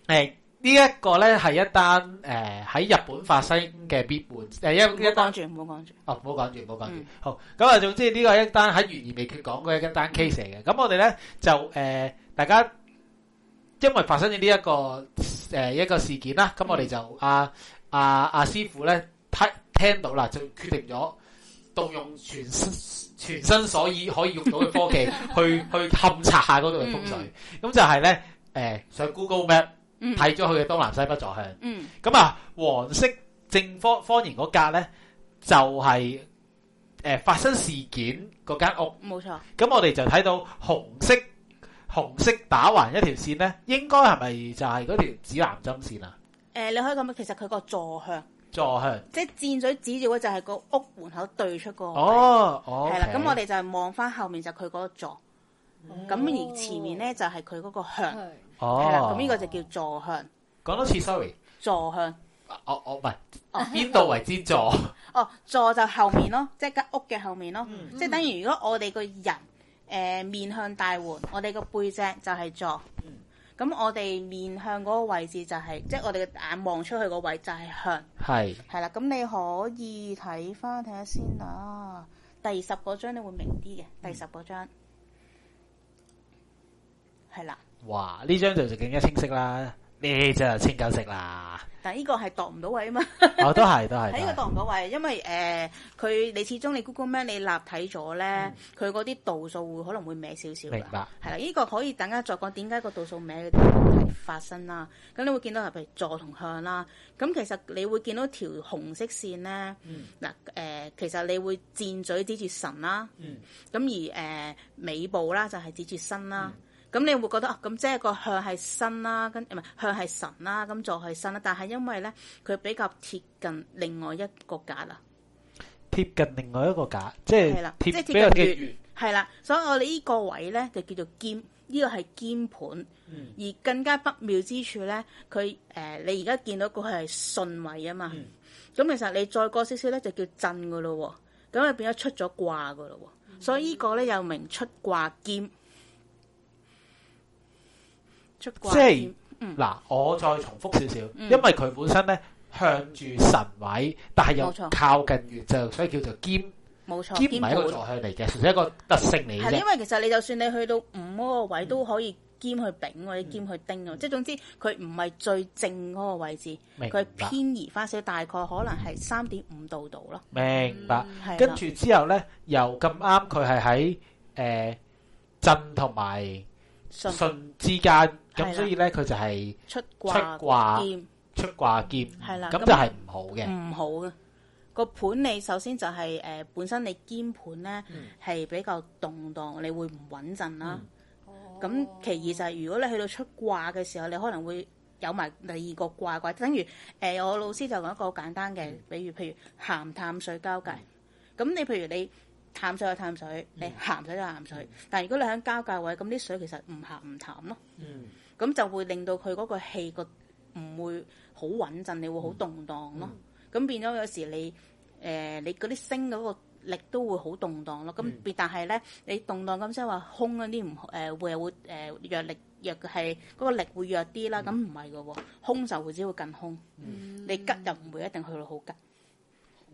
誒，呢一個咧係一單誒喺、呃、日本發生嘅必換，誒、呃、一一單。講住，唔好講住。哦，唔好講住，唔好講住。好，咁啊，總之呢、呢個係一單喺懸疑未決講嘅一單 case 嚟嘅。咁、嗯、我哋咧就誒、呃，大家因為發生咗呢一個誒、呃、一個事件啦，咁我哋就阿阿阿師傅咧聽聽，聽到啦，就決定咗動用全身全身所以可以用到嘅科技去 去勘察下嗰度嘅風水。咁、嗯、就係咧，誒、呃、上 Google Map。.睇咗佢嘅東南西北坐向，咁啊、嗯、黃色正方方形嗰格咧就係、是、誒、呃、發生事件嗰間屋，冇錯。咁我哋就睇到紅色紅色打橫一條線咧，應該係咪就係嗰條指南針線啊？誒、呃，你可以咁樣，其實佢個坐向，坐座向，即係箭嘴指住嘅就係個屋門口對出那個，哦，係啦的。咁 okay 我哋就係望翻後面就佢嗰個坐，咁、哦、而前面咧就係佢嗰個向。係啦，咁呢、哦、個就叫坐向。講多次，sorry。坐向，我我唔係邊度為之坐，啊、坐？哦，坐就後面咯，即係間屋嘅後面咯。嗯、即係等於如果我哋個人誒、呃、面向大門，我哋個背脊就係坐。咁、嗯、我哋面向嗰個位置就係、是，嗯、即係我哋嘅眼望出去個位就係向。係係啦，咁你可以睇翻睇下先啦。第十嗰張你會明啲嘅，第十嗰張係啦。嗯哇！呢張就就更加清晰啦，呢張就清夠色啦。但呢個係度唔到位啊嘛。我都係，都係。喺呢個度唔到位，嗯、因為誒佢、呃、你始終你 Google Map 你立體咗咧，佢嗰啲度數會可能會歪少少。明白。係啦的，呢的個可以等間再講點解個度數歪嘅就係發生啦。咁你會見到，譬如座同向啦。咁其實你會見到條紅色線咧，嗱、嗯呃、其實你會箭嘴指住神啦。咁、嗯、而誒、呃、尾部啦，就係指住身啦。咁你會覺得啊，咁即係個向係身、啊」啦，跟唔係向係神啦、啊，咁坐係身、啊」啦，但係因為咧，佢比較貼近另外一個架啦，貼近另外一個架，即係貼近邊嘅圓，係啦，所以我哋呢個位咧就叫做兼，呢、這個係兼盤，嗯、而更加不妙之處咧，佢誒、呃，你而家見到個係順位啊嘛，咁、嗯、其實你再過少少咧就叫震噶咯，咁啊變咗出咗卦噶咯，嗯、所以個呢個咧又名出卦兼。即係嗱，我再重複少少，因為佢本身咧向住神位，但係又靠近月就，所以叫做兼冇錯兼係一個坐向嚟嘅，一個特色嚟嘅。因為其實你就算你去到五個位都可以兼去丙或者兼去丁，即係總之佢唔係最正嗰個位置，佢偏移翻少，大概可能係三點五度度咯。明白。跟住之後咧，又咁啱佢係喺誒震同埋巽之間。咁所以呢，佢就係出卦兼，出卦兼係啦，咁就係唔好嘅，唔好嘅個盤，你首先就係誒本身你兼盤，呢係比較動蕩，你會唔穩陣啦。咁其二就係如果你去到出卦嘅時候，你可能會有埋第二個卦，卦等於誒我老師就講一個簡單嘅，比如譬如鹹淡水交界，咁你譬如你淡水就淡水，你鹹水就鹹水，但係如果你喺交界位，咁啲水其實唔鹹唔淡咯。咁就會令到佢嗰個氣個唔會好穩陣，嗯、你會好動盪咯。咁、嗯、變咗有時你誒、呃、你嗰啲星嗰個力都會好動盪咯。咁變但係咧，嗯、你動盪咁即係話空嗰啲唔誒會會、呃、弱力弱係嗰、嗰個力會弱啲啦。咁唔係㗎喎，空就會只會更空。嗯、你吉又唔會一定去到好吉。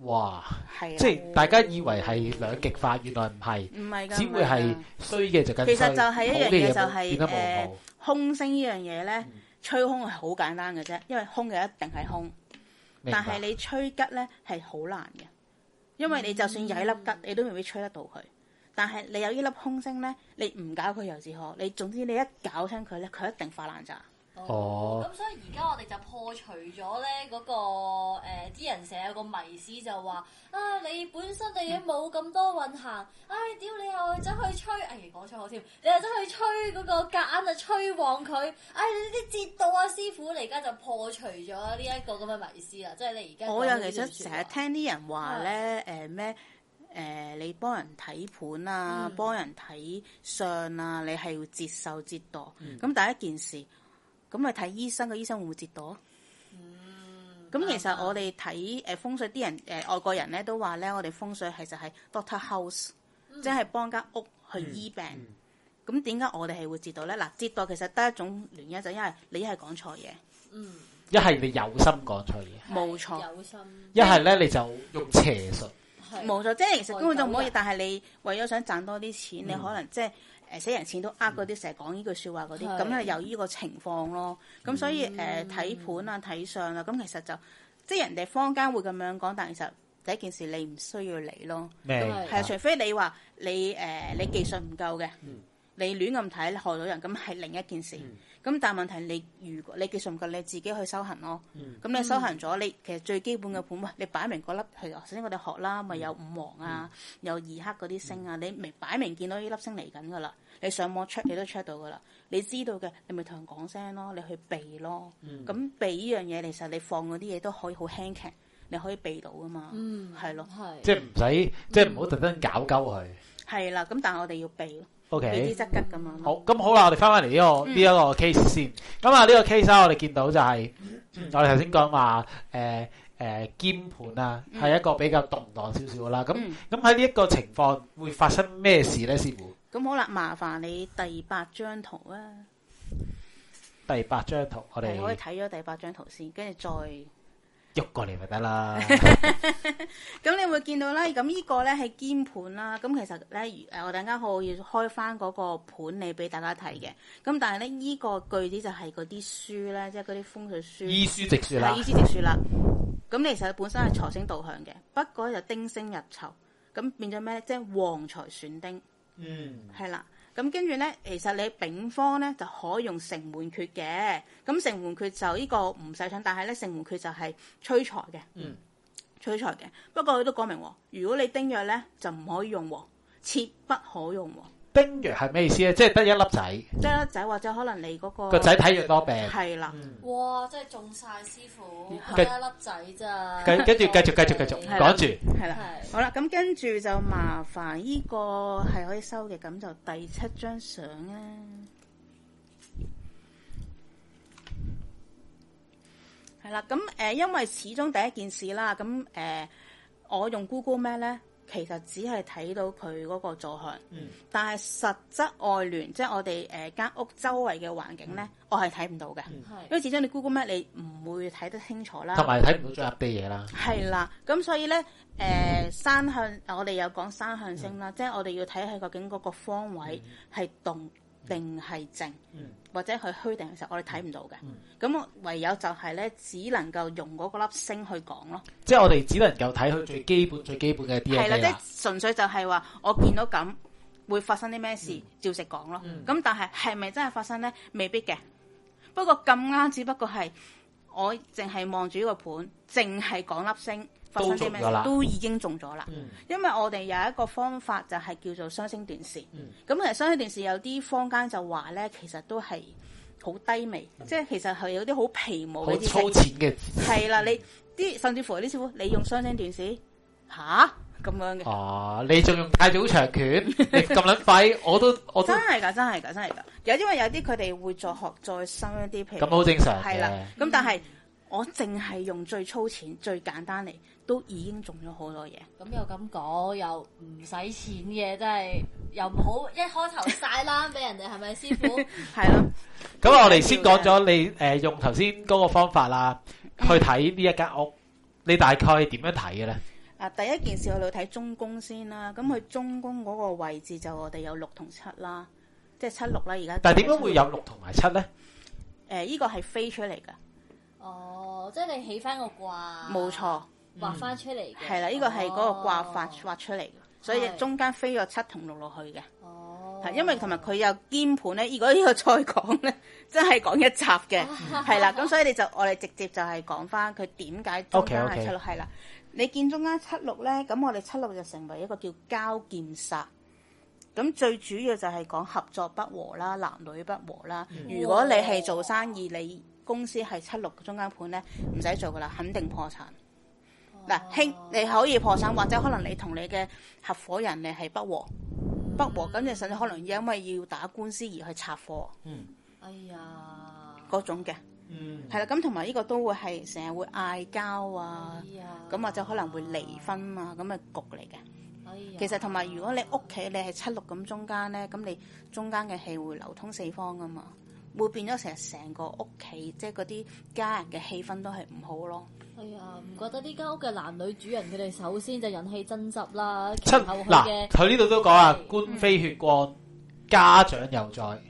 哇！的即係大家以為係兩極化，原來唔係，不是只會係衰嘅就是的其實就衰，一樣嘢就係誒，空星呢樣嘢咧，嗯、吹空係好簡單嘅啫，因為空嘅一定係空，白但係你吹吉咧係好難嘅，因為你就算有一粒吉，你都未必吹得到佢，但係你有一呢粒空星咧，你唔搞佢又自可，你總之你一搞親佢咧，佢一定發爛渣。哦，咁、哦、所以而家我哋就破除咗咧嗰個誒啲、呃、人成日有個迷思就話啊，你本身你已經冇咁多運行，唉屌、嗯哎、你又走去吹，哎講粗口添，你又走去吹嗰個夾硬就吹旺佢，唉你啲折墮啊師傅，你而家就破除咗呢一個咁嘅迷思啦，嗯、即係你而家我有其實成日聽啲人話咧，誒咩誒，你幫人睇盤啊，幫、嗯、人睇相啊，你係要接受折墮，咁、嗯、第一件事。咁嚟睇醫生，個醫生會唔會接到？咁其實我哋睇誒風水啲人誒外國人咧都話咧，我哋風水其實係 Doctor House，即係幫間屋去醫病。咁點解我哋係會接到咧？嗱，接到其實得一種原因就因為你一係講錯嘢，一係你有心講錯嘢，冇錯，有心。一係咧你就用邪術，冇錯，即係其實根本就唔可以。但係你為咗想賺多啲錢，你可能即係。誒死人錢都呃嗰啲，成日講呢句說話嗰啲，咁係是有呢個情況咯。咁所以誒睇、嗯呃、盤啊、睇相啊，咁其實就即係人哋坊間會咁樣講，但係其實第一件事你唔需要理咯。咩？係除非你話你誒、呃、你技術唔夠嘅，嗯、你亂咁睇，你害到人，咁係另一件事。嗯咁但係問題，你如果你技術唔夠，你自己去修行咯。咁你修行咗，你其實最基本嘅盤，你擺明嗰粒係頭先我哋學啦，咪有五黃啊，有二黑嗰啲星啊，你明擺明見到呢粒星嚟緊噶啦，你上網 check 你都 check 到噶啦。你知道嘅，你咪同人講聲咯，你去避咯。咁避呢樣嘢，其實你放嗰啲嘢都可以好輕劇，你可以避到噶嘛。係咯，即係唔使，即係唔好特登搞鳩佢。係啦，咁但係我哋要避咯。O.K.，好咁好啦，我哋翻翻嚟呢個呢一、嗯、個 case 先。咁啊呢個 case 啊，我哋見到就係、是嗯、我哋頭先講話誒誒肩盤啊，係、嗯、一個比較動盪少少啦。咁咁喺呢一個情況會發生咩事咧？師傅，咁好啦，麻煩你第八張圖啊。第八張圖我哋，我哋係可以睇咗第八張圖先，跟住再。喐過嚟咪得啦，咁你會見到咧，咁呢個咧係肩盤啦，咁其實咧，誒我等間好要開翻嗰個盤嚟俾大家睇嘅，咁但係咧呢、這個句子就係嗰啲書咧，即係嗰啲風水書，依書直說啦，依書直說啦，咁其實本身係財星到向嘅，不過就丁星入囚，咁變咗咩？即係旺財損丁，嗯，係啦。咁跟住咧，其實你丙方咧就可以用城門缺嘅，咁城門缺就依個唔使搶，但係咧城門缺就係催財嘅，嗯、催財嘅。不過佢都講明、喎，如果你丁藥咧就唔可以用、喎，切不可用、喎。冰藥係咩意思咧？即係得一粒仔，嗯、一粒仔或者可能你嗰、那個個仔睇藥多病係啦，嗯、哇！真係中晒師傅，得只一粒仔咋着？ 跟跟住繼續繼續繼續講住，係啦， 好啦，咁跟住就麻煩呢、這個係可以收嘅，咁就第七張相啦。係啦，咁誒、呃，因為始終第一件事啦，咁誒、呃，我用 Google 咩咧？其實只係睇到佢嗰個座向，嗯、但係實質外聯，即、就、係、是、我哋誒間屋周圍嘅環境咧，嗯、我係睇唔到嘅，嗯、因為始終你 Google Map 你唔會睇得清楚啦，同埋睇唔到出入啲嘢啦。係啦，咁所以咧誒、呃嗯、山向，我哋有講山向星啦，嗯、即係我哋要睇佢究竟嗰個方位係動，嗯定係靜，或者佢虛定嘅時候，嗯、我哋睇唔到嘅。咁、嗯嗯、唯有就係咧，只能夠用嗰粒星去講咯。即係我哋只能夠睇佢最基本最基本嘅啲嘢係啦。即係純粹就係話，我見到咁會發生啲咩事，嗯、照直講咯。咁、嗯、但係係咪真係發生咧？未必嘅。不過咁啱，只不過係我淨係望住呢個盤，淨係講粒星。都都已經中咗啦。因為我哋有一個方法就係叫做雙星斷線。咁其實雙星斷線有啲坊間就話咧，其實都係好低微，嗯、即係其實係有啲好皮毛嘅，好粗淺嘅，係啦，你啲甚至乎啲師傅，你用雙星斷線，吓咁樣嘅。啊，啊你仲用太祖長拳，你咁撚快，我都我都 真係噶，真係噶，真係噶。有因為有啲佢哋會做學再學再深一啲，皮咁好正常。係啦，咁但係我淨係用最粗淺、嗯、最簡單嚟。都已經種咗好多嘢，咁又咁講又唔使錢嘅，真係又唔好一開頭晒啦。俾 人哋，係咪師傅？係咯、 啊。咁我哋先講咗你誒 用頭先嗰個方法啦，去睇呢一間屋， 你大概點樣睇嘅咧？啊，第一件事我哋睇中宮先啦。咁佢中宮嗰個位置就我哋有六同七啦，即係七六啦而家。是但係點解會有六同埋七咧？誒、呃，呢、這個係飛出嚟嘅。哦，即係你起翻個卦。冇錯。畫翻、嗯、出嚟，嘅，係啦，呢個係嗰個卦法畫出嚟，嘅，所以中間飛咗七同六落去嘅。哦，係因為同埋佢有兼盤咧。如果呢個再講咧，真係講一集嘅，係啦。咁所以你就我哋直接就係講翻佢點解中間係七六，係啦 okay, okay.。你見中間七六咧，咁我哋七六就成為一個叫交劍煞。咁最主要就係講合作不和啦，男女不和啦。嗯、如果你係做生意，你公司係七六中間盤咧，唔使做噶啦，肯定破產。嗱，兄，你可以破產，哦、或者可能你同你嘅合伙人你係不和，嗯、不和，咁就甚至可能因為要打官司而去拆夥。嗯。哎呀，嗰種嘅，嗯，係啦，咁同埋呢個都會係成日會嗌交啊，咁、哎、呀或者可能會離婚啊，咁嘅局嚟嘅。哎、呀其實同埋如果你屋企你係七六咁中間咧，咁你中間嘅氣會流通四方噶嘛，會變咗成日成個屋企即係嗰啲家人嘅氣氛都係唔好咯。哎呀，唔覺得呢間屋嘅男女主人佢哋首先就引起爭執啦，然後佢嘅佢呢度都講啊，是官非血光，家長又在。嗯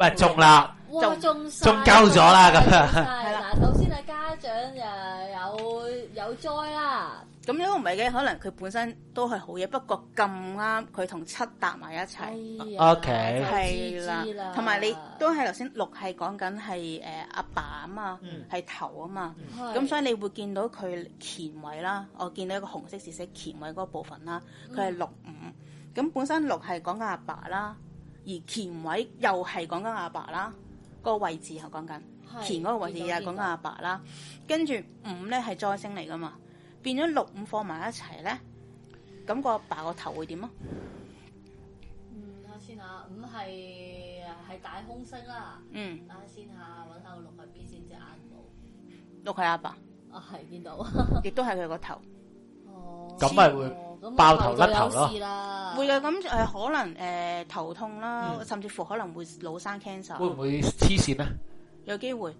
唔係中啦，中中，中、啊、中夠咗啦，咁係啦。頭先，你、啊、家長又有有災啦、啊，咁樣唔係嘅，可能佢本身都係好嘢，不過咁啱佢同七搭埋一齊。O K，係啦，同埋、啊 okay, 你都係頭先六係講緊係誒阿爸啊嘛，係、嗯、頭啊嘛，咁、嗯、所以你會見到佢乾位啦，我見到一個紅色字寫乾位嗰個部分啦，佢係六五，咁、嗯、本身六係講緊阿爸啦。而前位又係講緊阿爸啦，個位置係講緊前個位置啊，講緊阿爸啦。那個、跟住五咧係災星嚟噶嘛，變咗六五放埋一齊咧，咁、個阿爸個頭會點咯、嗯？嗯，睇下先五係係大空星啦、啊。嗯，睇下先下，搵下個六喺邊先，只眼到六係阿爸啊，係邊度？亦都係佢個頭。哦，咁、啊、會爆頭甩頭咯，會有咁誒，可能誒頭痛啦，甚至乎可能會腦生 cancer。會唔會黐線咧？有機會，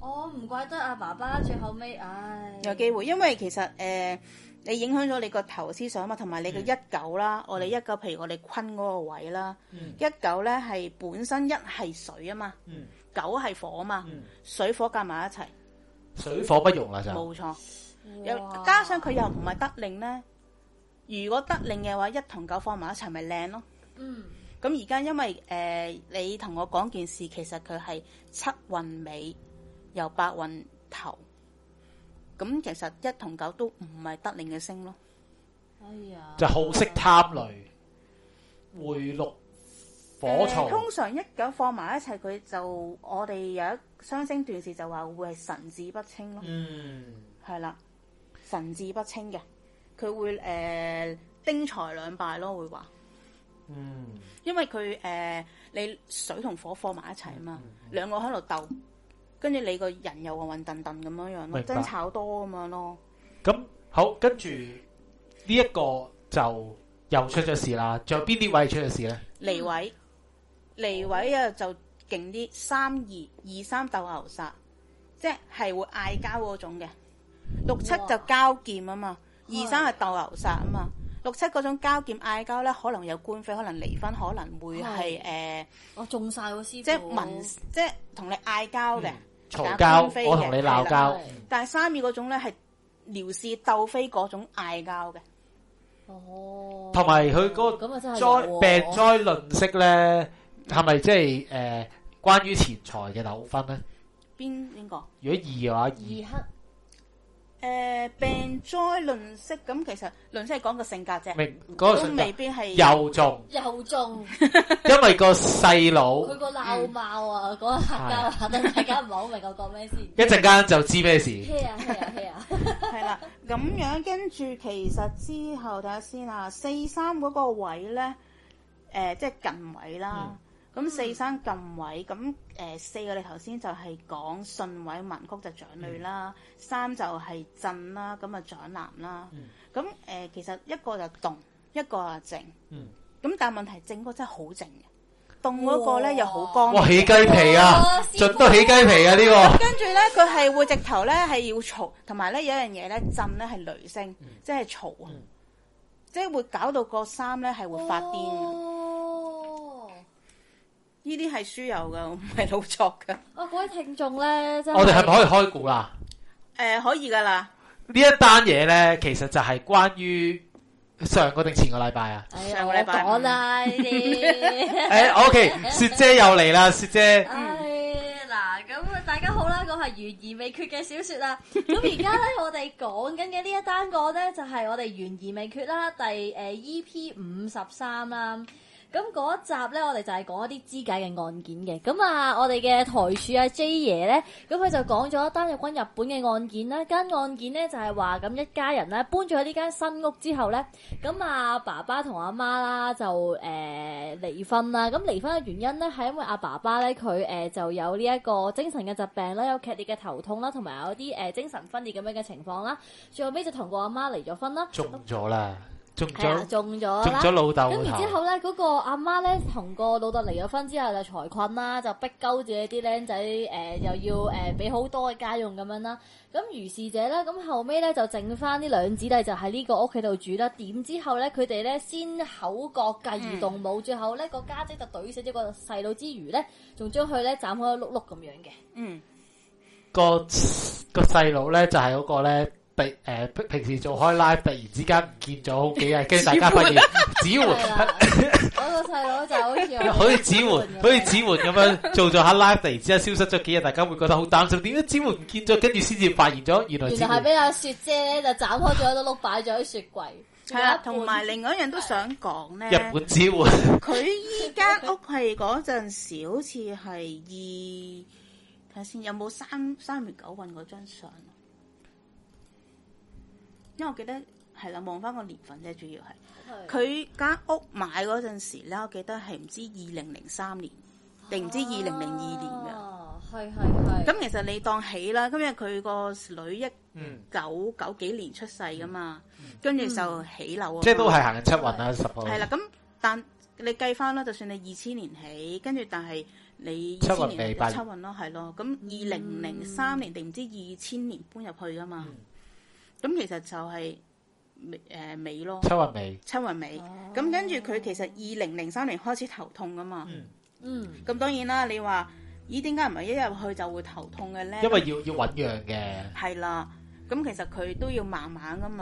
我唔怪得阿爸爸最後尾，唉。有機會，因為其實誒，你影響咗你個頭思想嘛，同埋你嘅一九啦，我哋一九，譬如我哋坤嗰個位啦，一九咧係本身一係水啊嘛，九係火啊嘛，水火夾埋一齊，水火不容啊就。冇錯，又加上佢又唔係得令咧。如果得令嘅話，一同九放埋一齊咪靚咯。嗯。咁而家因為誒、呃，你同我講件事，其實佢係七運尾，又八運頭。咁其實一同九都唔係得令嘅星咯。哎呀。就好識貪雷，會六、哎、呀火、呃、通常一九放埋一齊，佢就我哋有一雙星斷事就話會係神志不清咯。嗯。係啦，神志不清嘅。佢會誒、呃、丁財兩敗咯，會話。嗯，因為佢誒、呃、你水同火放埋一齊啊嘛，兩個喺度鬥，跟住你個人又混混沌沌咁樣白多樣咯，爭吵多咁樣咯。咁好，跟住呢一個就又出咗事啦。仲有邊啲位出咗事咧？離位離位啊，就勁啲三二二三鬥牛殺，即係會嗌交嗰種嘅，六七就交劍啊嘛。二三係鬥牛殺啊嘛，六七嗰種交劍嗌交咧，可能有官非，可能離婚，可能會係誒，我中晒我師傅，即係問，即係同你嗌交嘅，嘈交，我同你鬧交，但係三二嗰種咧係撩事鬥非嗰種嗌交嘅，哦，同埋佢嗰個災病災論色咧，係咪即係誒關於錢財嘅糾紛咧？邊邊個？如果二嘅話，二黑。誒，病災論息咁，其實論息係講個性格啫，都未必係又重又重，因為個細佬佢個鬧貓啊，嗰個客家話，大家唔係好明我講咩事，一陣間就知咩事，係啊係啊係啊，係啦，咁樣跟住其實之後睇下先啊，四三嗰個位咧，誒，即係近位啦。咁四山禁位，咁四個你頭先就係講巽位，文曲就長女啦，三就係震啦，咁啊長男啦。咁其實一個就動，一個啊靜。咁但係問題靜個真係好靜嘅，動嗰個咧又好乾。哇起雞皮啊！盡都起雞皮啊！呢個跟住咧，佢係會直頭咧係要嘈，同埋咧有一樣嘢咧震咧係雷聲，即係嘈啊，即係會搞到個三咧係會發癲。呢啲係書有噶，唔係老作噶。我各位聽眾咧，是我哋係咪可以開估啦、啊？誒、呃，可以噶啦。呢一單嘢咧，其實就係關於上個定前個禮拜啊。個禮、哎、我講啦呢啲。誒、 哎、，OK，雪姐又嚟啦，雪姐。誒、哎，嗱，咁大家好啦，我係懸疑未決嘅小說啦。咁而家咧，我哋講緊嘅呢一單個咧，就係、是、我哋懸疑未決啦，第誒、呃、E P 五十三啦。咁嗰一集咧，我哋就係講一啲肢解嘅案件嘅。咁啊，我哋嘅台柱啊 J 爺咧，咁佢就講咗單有關日本嘅案件啦。間、那個、案件咧就係話咁一家人咧搬咗喺呢間新屋之後咧，咁啊爸爸同阿媽啦就誒離、呃、婚啦。咁離婚嘅原因咧係因為阿爸爸咧佢誒就有呢一個精神嘅疾病啦，有劇烈嘅頭痛啦，同埋有啲誒、呃、精神分裂咁樣嘅情況啦。最後尾就同個阿媽離咗婚啦，中咗啦。中咗、啊，中咗中咗老豆。咁然之後咧，嗰、嗰個阿媽咧同個老豆離咗婚之後就財困啦，就逼鳩住啲僆仔誒，又要誒俾好多嘅家用咁樣啦。咁、嗯、如是者咧，咁後尾咧就剩翻啲兩子弟就喺呢個屋企度住啦。點之後咧，佢哋咧先口角繼而動武，最後咧個家姐就懟死咗個細佬之餘咧，仲將佢咧斬開碌碌咁樣嘅。嗯，個個細佬咧就係、是、嗰個咧。平時做開 live，突然之間唔見咗好幾日，跟住大家發現指緩援，我個細佬就好似好似指緩，好似指緩咁樣做咗下 live，突然之間消失咗幾日，大家會覺得好擔心。點解指緩唔見咗？跟住先至發現咗，原來就係俾阿雪姐就斬開咗一碌碌擺咗喺雪櫃。係啊的，同埋另外一樣都想講咧，日本的呢指緩，佢依間屋係嗰陣時好似係二睇下先，有冇三三元九運嗰張相？因為我記得係啦，望翻個年份啫，主要係佢間屋買嗰陣時咧，我記得係唔知二零零三年定唔知二零零二年噶。哦、啊，係係係。咁其實你當起啦，今日佢個女一九九幾年出世噶嘛，嗯、跟住就起樓。即係都係行七運啦，十鋪。係啦，咁但你計翻啦，就算你二千年起，跟住但係你七運未？七運咯，係咯。咁二零零三年定唔知二千年搬入去噶嘛？嗯咁其實就係尾誒尾咯，七運尾。七運尾，咁跟住佢其實二零零三年開始頭痛噶嘛，嗯，嗯，咁當然啦，你話咦點解唔係一入去就會頭痛嘅咧？因為要要醞釀嘅，係啦。咁其實佢都要慢慢咁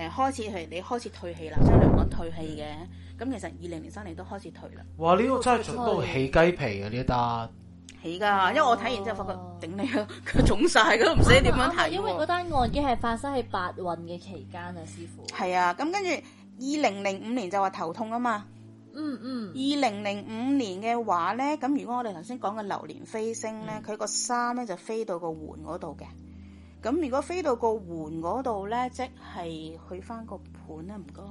樣誒開始，係你開始退氣啦，即係我講退氣嘅。咁其實二零零三年都開始退啦。哇！呢、呢個真係做到起雞皮啊！呢單。起噶，因為我睇完之後發覺頂、哦、你啊，佢腫晒，佢都唔使點樣睇！因為嗰單案件係發生喺白雲嘅期間啊，師傅。係啊，咁跟住二零零五年就話頭痛啊嘛。嗯嗯。二零零五年嘅話咧，咁如果我哋頭先講嘅流年飛星咧，佢、嗯、個山咧就飛到那個環嗰度嘅。咁如果飛到那個環嗰度咧，即係去翻個盤啦、啊，唔該。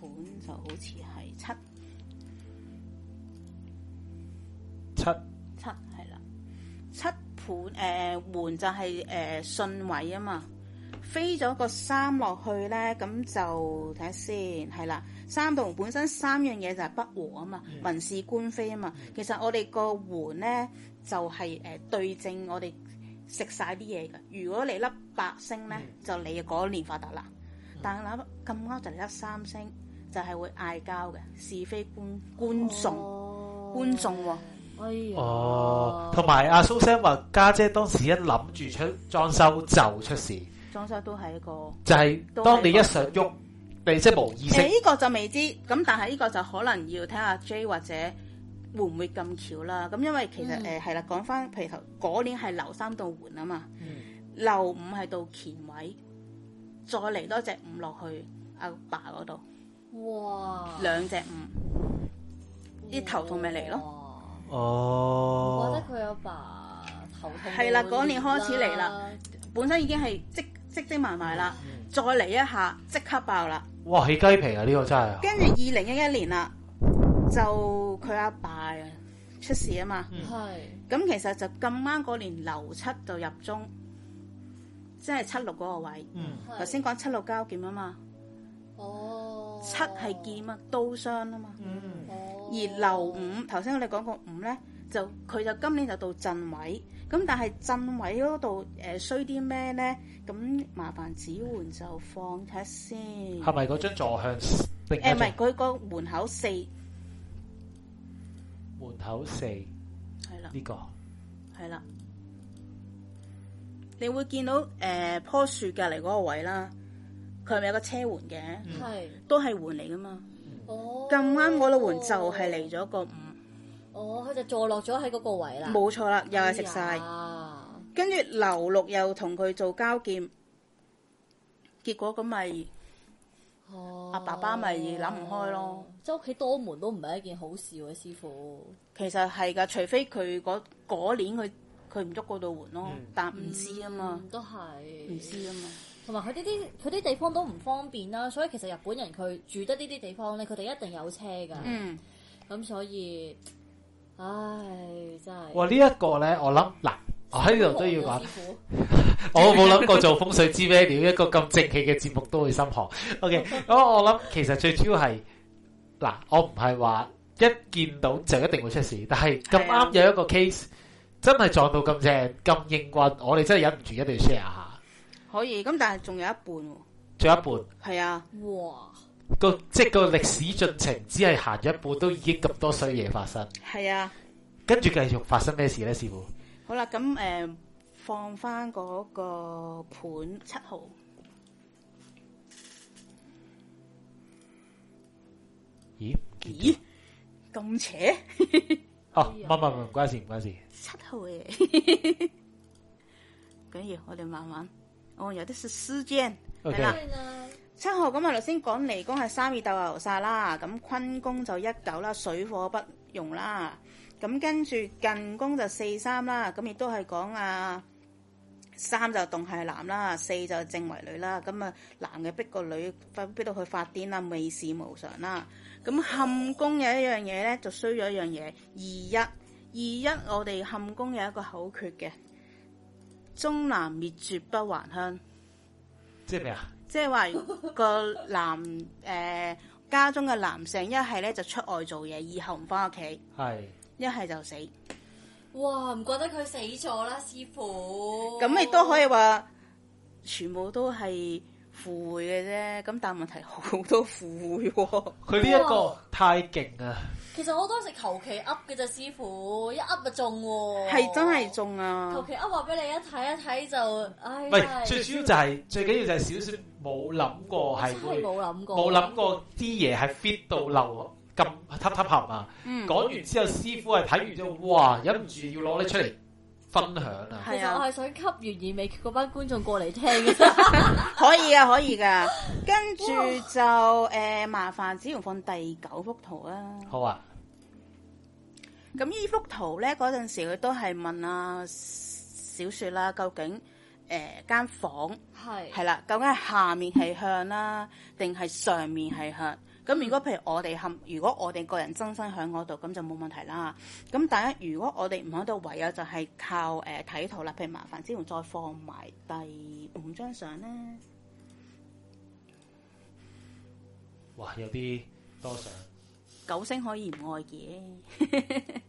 盤就好似。七七係啦，七盤誒，門、呃、就係誒順位啊嘛。飛咗個三落去咧，咁就睇下先係啦。三道本身三樣嘢就係不和啊嘛，嗯、民事官非啊嘛。其實我哋個門咧就係、是、誒、呃、對正我哋食晒啲嘢㗎。如果你粒八星咧，嗯、就你嗰年發達啦。嗯、但係嗱咁啱就粒三星，就係、是、會嗌交嘅是非官官訟官訟喎。哎、哦，同埋阿蘇生話家姐，姐當時一諗住出裝修就出事，裝修都係一個，就係當你一想喐，你即係無意識。誒、哎，呢、這個就未知，咁但係呢個就可能要睇下 J 或者會唔會咁巧啦。咁因為其實誒係啦，講翻、嗯嗯、譬如頭嗰年係流三到五啊嘛，流、嗯、五係到前位，再嚟多隻五落去阿爸嗰度，哇，兩隻五，啲哇頭痛咪嚟咯。哦，我覺得佢阿爸頭痛係啦、啊，嗰年開始嚟啦，本身已經係積積積埋埋啦，再嚟一下即刻爆啦！哇，起雞皮啊！呢、這個真係。跟住二零一一年啦，就佢阿爸呀出事啊嘛，係咁是其實就咁啱嗰年流七就入中，即、就、係、是、七六嗰個位，頭先講七六交劍啊嘛，哦，oh. 七係劍啊，刀傷啊嘛，嗯。Okay. 而流五，頭先我哋講過五咧，就佢就今年就到震位，咁但係震位嗰度誒衰啲咩咧？咁麻煩指煥就放睇下先。係咪嗰張坐向？誒、欸，唔係佢個門口四，門口四，係啦了，呢、這個係啦，你會見到誒樖樹隔籬嗰個位啦，佢係咪有個車換嘅？係是，都係換嚟㗎嘛。哦，咁啱我老門就係嚟咗個五，哦，佢就坐落咗喺嗰個位啦。冇錯啦，又係食晒，哎、呀跟住劉六又同佢做交劍，結果咁咪阿爸爸咪諗唔開咯。即係屋企多門都唔係一件好事喎、啊，師傅。其實係噶，除非佢嗰年佢佢唔喐嗰度門咯，mm. 但唔知啊嘛，嗯嗯、都係唔知啊嘛。同埋佢啲啲佢啲地方都唔方便啦、啊，所以其實日本人佢住得呢啲地方咧，佢哋一定有車㗎。嗯，咁所以，唉，真係。哇！呢一個咧，我諗嗱，我喺呢度都要講， 我冇諗過做風水知咩料，一個咁正氣嘅節目都會心寒。OK，咁 我諗其實最主要係嗱，我唔係話一見到就一定會出事，但係咁啱有一個 case 的真係撞到咁正咁應運，我哋真係忍唔住一定要 share 下。可以，咁但係仲有，哦、有一半，仲有一半，係啊，哇，個即係個歷史進程，只係行一步，都已經咁多衰嘢發生，係啊，跟住繼續發生咩事咧？師傅，好啦，咁誒、呃，放翻嗰個盤七號，咦咦，咁邪 哦，唔唔唔，唔嗎關事，唔關事，七號嘅，咁 緊要我哋慢慢。哦，oh, 有啲是私佔，係啦 Okay.。七號咁啊，頭先講離宮係三二鬥牛煞啦，咁坤宮就一九啦，水火不容啦。咁跟住近宮就四三啦，咁亦都係講啊，三就動係男啦，四就正為女啦。咁啊，男嘅逼個女逼到佢發癲啦，未事無常啦。咁坎宮有一樣嘢咧，就衰咗一樣嘢，二一，二一，我哋坎宮有一個口訣嘅。中男滅絕不還鄉， 即係咩啊？即係話個男誒家中嘅男性呢，一係咧就出外做嘢，以後唔翻屋企；係一係就死。哇！唔覺得佢死咗啦，師傅。咁亦都可以話，全部都係。攰嘅啫，咁但問題好多攰喎、哦。佢呢一個哇太勁啊！其實好多時求其噏嘅啫，師傅一噏就中喎、哦，係真係中啊！求其 up 話俾你一睇一睇就，唉、哎。喂！最主要就係、是哎、呀最緊要就係少少冇諗過係會冇諗過冇諗過啲嘢係 fit 到漏撳 tap 合啊！講、嗯、完之後師傅係睇完之後，哇忍唔住要攞得出嚟。分享啊！其實我係想吸完而美嗰班觀眾過嚟聽嘅，可以啊，可以噶。跟住就誒麻煩，只能放第九幅圖啦。好啊。咁呢幅圖咧，嗰陣時佢都係問啊小雪啦，究竟誒間房係係啦，究竟係下面係向啦，定係上面係向？咁如果譬如我哋冚，如果我哋個人真身喺嗰度，咁就冇問題啦。咁但係如果我哋唔喺度，唯有就係靠誒睇、呃、圖啦。譬如麻煩之後再放埋第五張相咧。哇！有啲多相，九星可以唔愛嘅。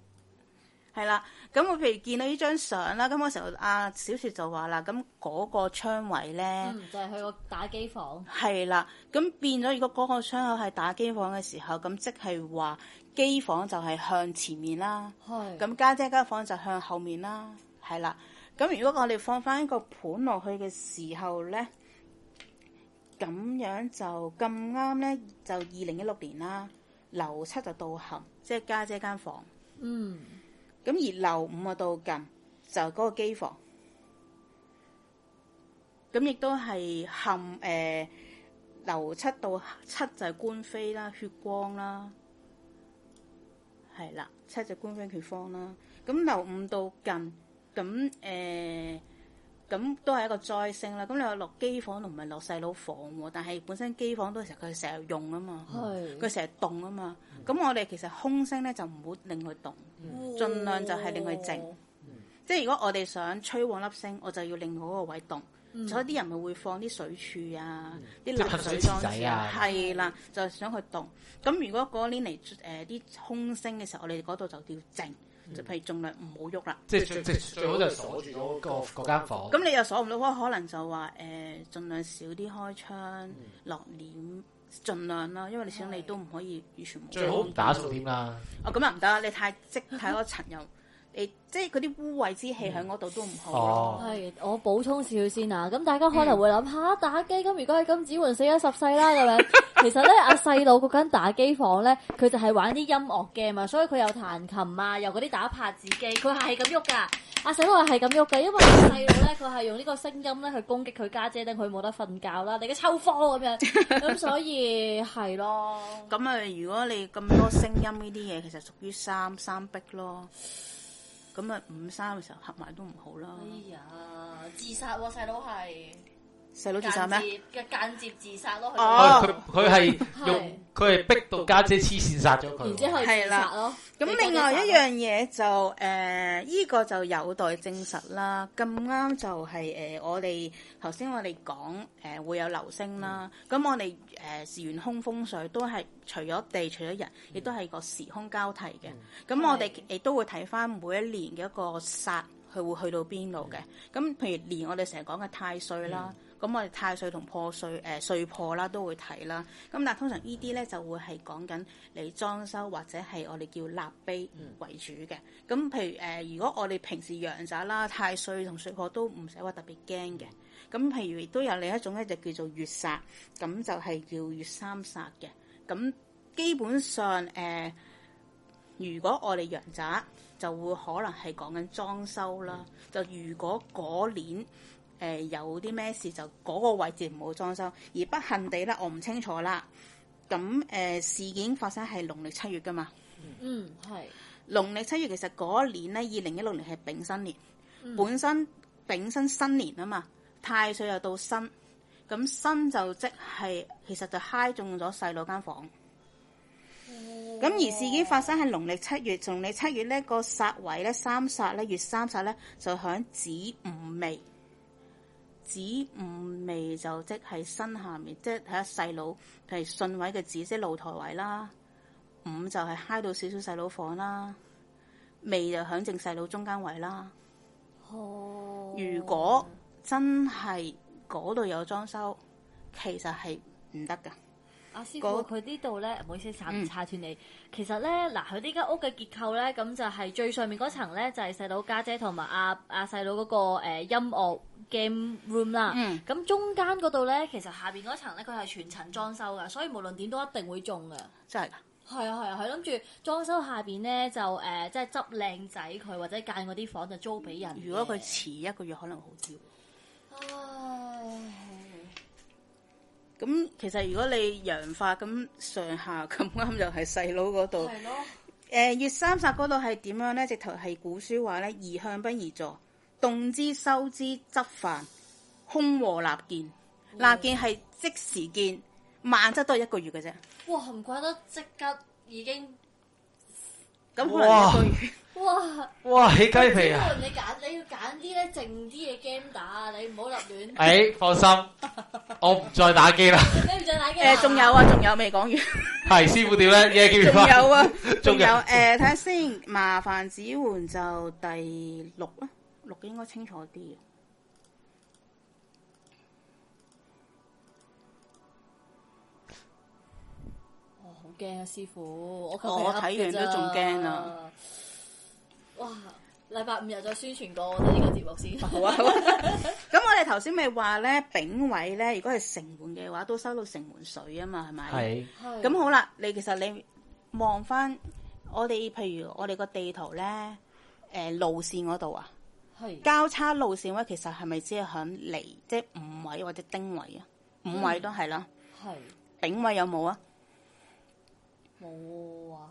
係啦，咁我譬如見到呢張相啦，咁嗰時候阿小雪就話啦，咁嗰個窗位咧，嗯，就係去個打機房。係啦，咁變咗。如果嗰個窗口係打機房嘅時候，咁即係話機房就係向前面啦，係咁是家姐間房就向後面啦，係啦。咁如果我哋放翻一個盤落去嘅時候咧，咁樣就咁啱咧，就二零一六年啦，流七就到行，即係家姐間房，嗯。咁而流五啊度近就係，是，嗰個機房，咁亦都係含誒流七到七就係官非啦，血光啦，係啦，七就官非血光啦。咁流五到近咁誒。呃咁都係一個災星啦，咁你又落機房都唔係落細佬房喎，但係本身機房都成日佢成日用啊嘛，佢成日動啊嘛，咁我哋其實空星咧就唔好令佢動，嗯、盡量就係令佢靜。哦、即係如果我哋想吹旺粒星，我就要令嗰個位動，嗯、所以啲人咪會放啲水柱啊，啲落、嗯、水裝置，係啦、嗯，就想去動。咁如果嗰年嚟啲、呃、空星嘅時候，我哋嗰度就叫靜。嗯、就係儘量唔好喐啦。即，即最即最好就鎖住咗個嗰間個房。咁你又鎖唔到，可能就話誒，儘、呃、量少啲開窗、嗯、落簾，儘量啦。因為你想你都唔可以完全冇。最好唔打掃添啦。哦，咁又唔得，你太積太多塵、嗯、又。即係嗰啲污穢之氣喺嗰度都唔好、嗯。係、哦，我補充少少先啊。咁大家可能會諗下、嗯啊、打機，咁如果係咁，只換死咗十世啦，係咪？ 其實咧，阿細佬嗰間打機房咧，佢就係玩啲音樂嘅嘛，所以佢有彈琴啊，又嗰啲打拍子機，佢係咁喐噶。阿細佬係咁喐噶，因為細佬咧，佢係用呢個聲音咧去攻擊佢家姐、姐，令佢冇得瞓覺啦，嚟嘅抽風咁樣。咁 所以係咯。咁啊，如果你咁多聲音呢啲嘢，其實屬於三三逼咯。咁啊，五三嘅時候合埋都唔好啦。哎呀，自殺喎、啊，細佬係。細佬自殺咩？嘅間接自殺咯。哦，佢佢係用佢係逼到家姐黐線殺咗佢，係啦。咁另外一樣嘢就誒，依個就有待證實啦。咁啱就係誒，我哋頭先我哋講誒會有流星啦。咁我哋誒時玄空風水都係除咗地，除咗人，亦都係個時空交替嘅。咁我哋亦都會睇翻每一年嘅一個殺，佢會去到邊度嘅。咁譬如年，我哋成日講嘅太歲啦。咁我哋太歲同破歲，誒、呃、歲破啦都會睇啦。咁但通常呢啲咧就會係講緊你裝修或者係我哋叫立碑為主嘅。咁、嗯、譬如誒、呃，如果我哋平時陽宅啦，太歲同歲破都唔使話特別驚嘅。咁譬如亦都有另一種咧，就叫做月煞，咁就係叫月三煞嘅。咁基本上誒、呃，如果我哋陽宅就會可能係講緊裝修啦。嗯、就如果嗰年。誒、呃、有啲咩事就嗰個位置唔好裝修，而不幸地咧，我唔清楚啦。咁、呃、事件發生係農曆七月噶嘛？嗯，係農曆七月其實嗰年咧，二零一六年係丙申年，嗯、本身丙申申，申年啊嘛，太歲又到申。咁申就即係其實就嗨中咗細佬間房。咁、哦、而事件發生喺農曆七月，從你七月咧、那個煞位咧三煞咧月三煞咧就響子午未。指五未就即係身下面，即係睇下細佬係信位嘅紫即露台位啦。五就係嗨到少少細佬房啦，未就響正細佬中間位啦。哦，如果真係嗰度有裝修，其實係唔得噶。阿、啊、師傅，佢那呢度咧，唔好意思，唔插斷。你。其實咧，嗱，佢呢間屋嘅結構咧，咁就係最上面嗰層咧，就係細佬家姐同埋阿阿細佬嗰個、呃、音樂 game room 啦。咁、嗯、中間嗰度咧，其實下面嗰層咧，佢係全層裝修嘅，所以無論點都一定會中嘅。真係的？係啊，係啊，係諗住裝修下面咧，就、呃、即係執靚仔佢，或者間嗰啲房就租俾人。如果佢遲一個月，可能會好少。咁其實如果你陽化咁上下咁啱，就係細佬嗰度。誒的、呃，月三煞嗰度係點樣咧？直頭係古書話咧，宜向不宜坐，動之收之，執犯空和立見。嗯、立見係即時見，萬則都係一個月嘅啫。哇！唔怪得即刻已經咁，可能一個月。哇哇起雞皮啊！你揀你要揀啲咧靜啲嘅 game 打，你唔好立亂。哎，放心， 我唔再打機啦。你唔再打機？誒、呃，仲有啊，仲有未講完 是。係師傅點咧？耶！子煥仲有啊，仲 有誒，睇下先，麻煩指煥就第六啦，六應該清楚啲。哦，好驚啊！師傅，我我睇完都仲驚啊！啊哇！禮拜五日再宣傳過我哋呢個節目先。 好啊，好啊，咁我哋頭先咪話咧，丙位咧，如果係城門嘅話，都收到城門水啊嘛，係咪？係是。咁好啦，你其實你望返我哋，譬如我哋個地圖咧，誒、呃、路線嗰度啊，係是交叉路線位，其實係咪只係響離即五位或者丁位啊？五位都係啦。係、嗯。丙位有冇啊？冇啊。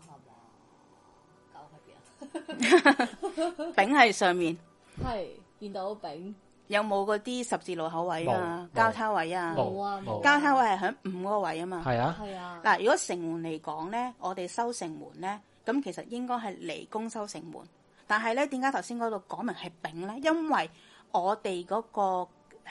丙喺上面，係見到丙有冇嗰啲十字路口位啊？交叉位啊？冇啊有！冇交叉位係響五嗰個位啊嘛。係啊，係啊。嗱，如果城門嚟講咧，我哋修城門咧，咁其實應該係離宮修城門。但係咧，點解頭先嗰度講明係丙咧？因為我哋嗰個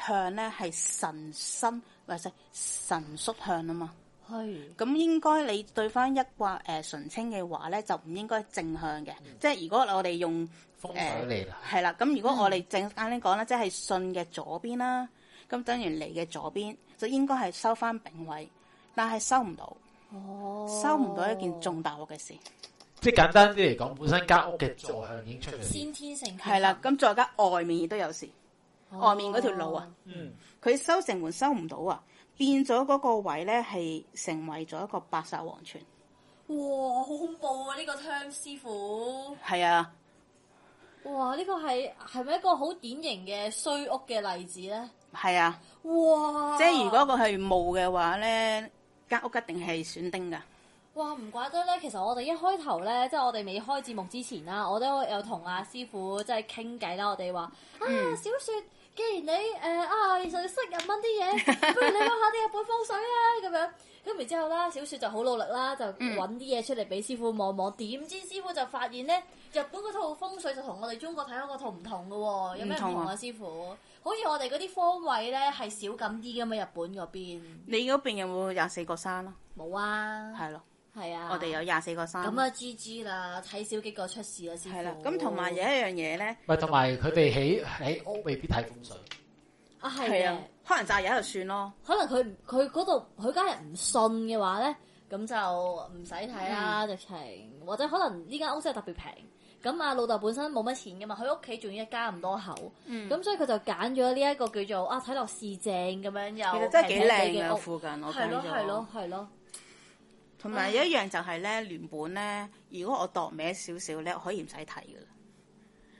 向咧係神心或者神縮向啊嘛。係，咁是應該你對翻一卦誒、呃、純青嘅話咧，就唔應該正向嘅。嗯、即係如果我哋用風水嚟，啦，係啦。咁、呃嗯、如果我哋正啱先講啦，即、就、係、是、巽嘅左邊啦、啊，咁等於離嘅左邊就應該係收翻丙位，但係收唔到，哦、收唔到一件重大鑊嘅事。哦、即係簡單啲嚟講，本身間屋嘅坐向已經出嚟，先天性係啦。咁再加外面亦都有事，哦、外面嗰條路啊，佢、嗯、收城門收唔到啊。變咗嗰個位咧，係成為咗一個白煞黃泉。哇，好恐怖啊！呢個湯師傅。係啊。哇，呢、這個係係咪一個好典型嘅衰屋嘅例子咧？係啊。哇！即係如果個係木嘅話咧，間屋一定係損丁噶。哇，唔怪得咧。其實我哋一開頭咧，即、就、係、是、我哋未開節目之前啦，我都有同阿師傅即係傾偈啦。我哋話、嗯、啊，小雪既然你誒、呃、啊，其實識日文啲嘢，不如你講下啲日本風水啊咁 樣。咁然之後啦，小雪就好努力啦，就揾啲嘢出嚟俾師傅望望。點、嗯、知師傅就發現咧，日本嗰套風水就同我哋中國睇下嗰套唔同嘅喎，有咩唔同啊？師傅，好似我哋嗰啲方位咧係少咁啲嘅嘛，日本嗰邊。你嗰邊有冇廿四個山啊？冇啊。係咯。係啊，我哋有廿四個生。咁啊，GG 啦，睇少幾個出事啊先。係啦，咁同埋有一樣嘢咧。咪同埋佢哋喺起屋我未必睇風水。啊係啊，係係的可能就有就算咯。可能佢佢嗰度佢家人唔信嘅話咧，咁就唔使睇啦。直情、嗯、或者可能呢間屋真係特別平。咁阿老豆本身冇乜錢噶嘛，佢屋企仲要一家咁多口，咁、嗯、所以佢就揀咗呢一個叫做啊睇落市正咁樣又。其實真係幾靚嘅，屋附近我係咯，係咯，係咯。是同埋一樣就係咧，原、oh. 本咧，如果我度歪少少咧，我可以唔使睇噶啦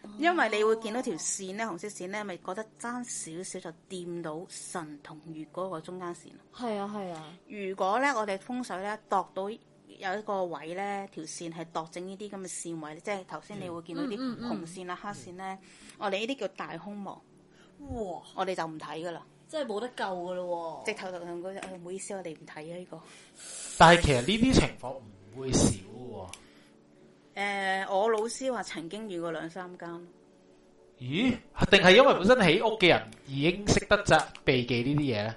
，oh. 因為你會見到條線咧，oh. 紅色線咧，咪覺得爭少少就掂到神同月嗰個中間線。係啊，係啊。如果咧我哋風水咧度到有一個位咧，條線係度整呢啲咁嘅線位，即係頭先你會見到啲紅線啦、啊、mm. 黑線咧，mm. 我哋呢啲叫大空亡，哇、oh.！我哋就唔睇噶啦。真係冇得救噶咯、啊！直頭就咁嗰隻，唔、哎、好意思，我哋唔睇啊呢個。但係其實呢啲情況唔會少嘅、啊。誒、呃，我老師話曾經遇過兩三間。咦？定係因為本身起屋嘅人已經識得咋避忌呢啲嘢咧？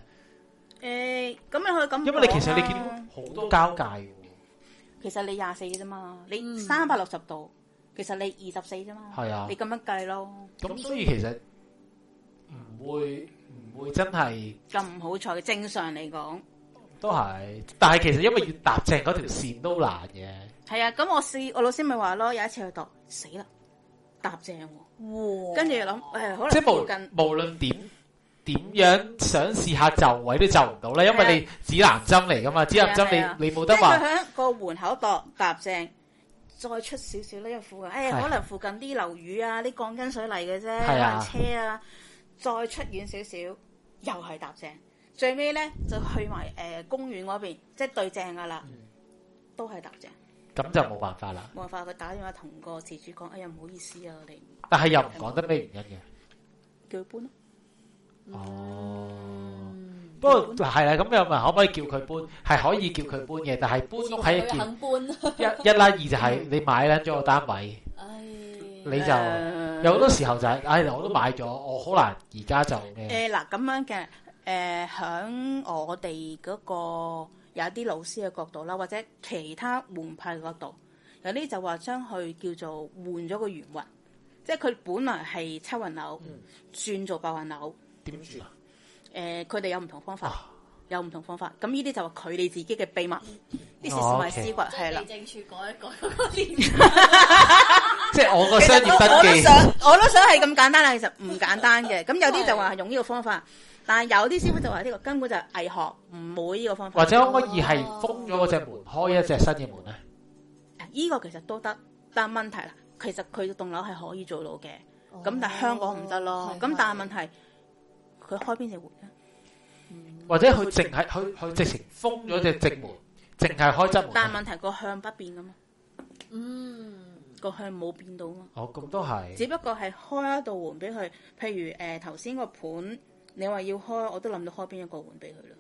誒、欸，咁你可以咁、啊，因為你其實你見到好多交界嘅、啊。其實你廿四啫嘛，你三百六十度，嗯、其實你二十四啫嘛。係、嗯、啊，你咁樣計咯。咁所以其實唔會。唔會真係咁好彩，正常嚟講都係，但係其實因為要搭正嗰條線都難嘅。係啊，咁我試我老師咪話咯，有一次去度死啦，搭正喎、啊，跟住諗誒，可能附即係無近無論點樣,樣想試一下就位都就唔到咧，啊、因為你指南針嚟噶嘛，指南針你、啊啊、你冇得話喺個門口度搭正，再出少少呢咧，附近誒、哎啊、可能附近啲樓宇啊、啲鋼筋水泥嘅啫，行、啊、車啊。再出遠少少，又係搭正，最尾咧就去埋誒公園嗰邊，即係對正噶啦，都係搭正。咁就冇辦法啦。冇辦法，佢打電話同個事主講：哎呀，唔好意思啊，我哋。但係又唔講得咩原因嘅，叫佢搬咯。哦，不過係啦，咁又問可唔可以叫佢搬？係可以叫佢搬嘅，但係搬屋喺一件，一一啦二就係你買捻咗個單位。你就有好多時候就係，唉、哎，我都買咗，我可能而家就誒，嗱、呃，咁樣嘅，誒、呃，響我哋嗰個有一啲老師嘅角度啦，或者其他門派嘅角度，有啲就話將佢叫做換咗個元運，即係佢本來係七運樓，轉、嗯、做八運樓，點轉啊？誒、呃，佢哋有唔同方法。啊有唔同方法，咁呢啲就係佢哋自己嘅秘密，啲屍埋屍骨係啦，政、哦 okay、處改一改嗰個年代即係我個商得，實都我都想，我都想係咁簡單啦。其實唔簡單嘅，咁有啲就話用呢個方法，但係有啲師傅就話呢個根本就係偽學，唔會呢個方法。或者可以係封咗嗰隻門，哦、開一隻新嘅門咧？呢、哦、個其實都得，但問問題啦，其實佢棟樓係可以做到嘅，咁、哦、但係香港唔得咯。咁但係問題，佢開邊隻門或者佢淨係佢佢直情封咗隻直門，淨係開側門。但問題個向不變噶嘛？嗯，個向冇變到啊嘛。哦，咁都係。只不過係開一道門俾佢，譬如誒頭先個盤，你話要開，我都諗到開邊一個門俾佢啦。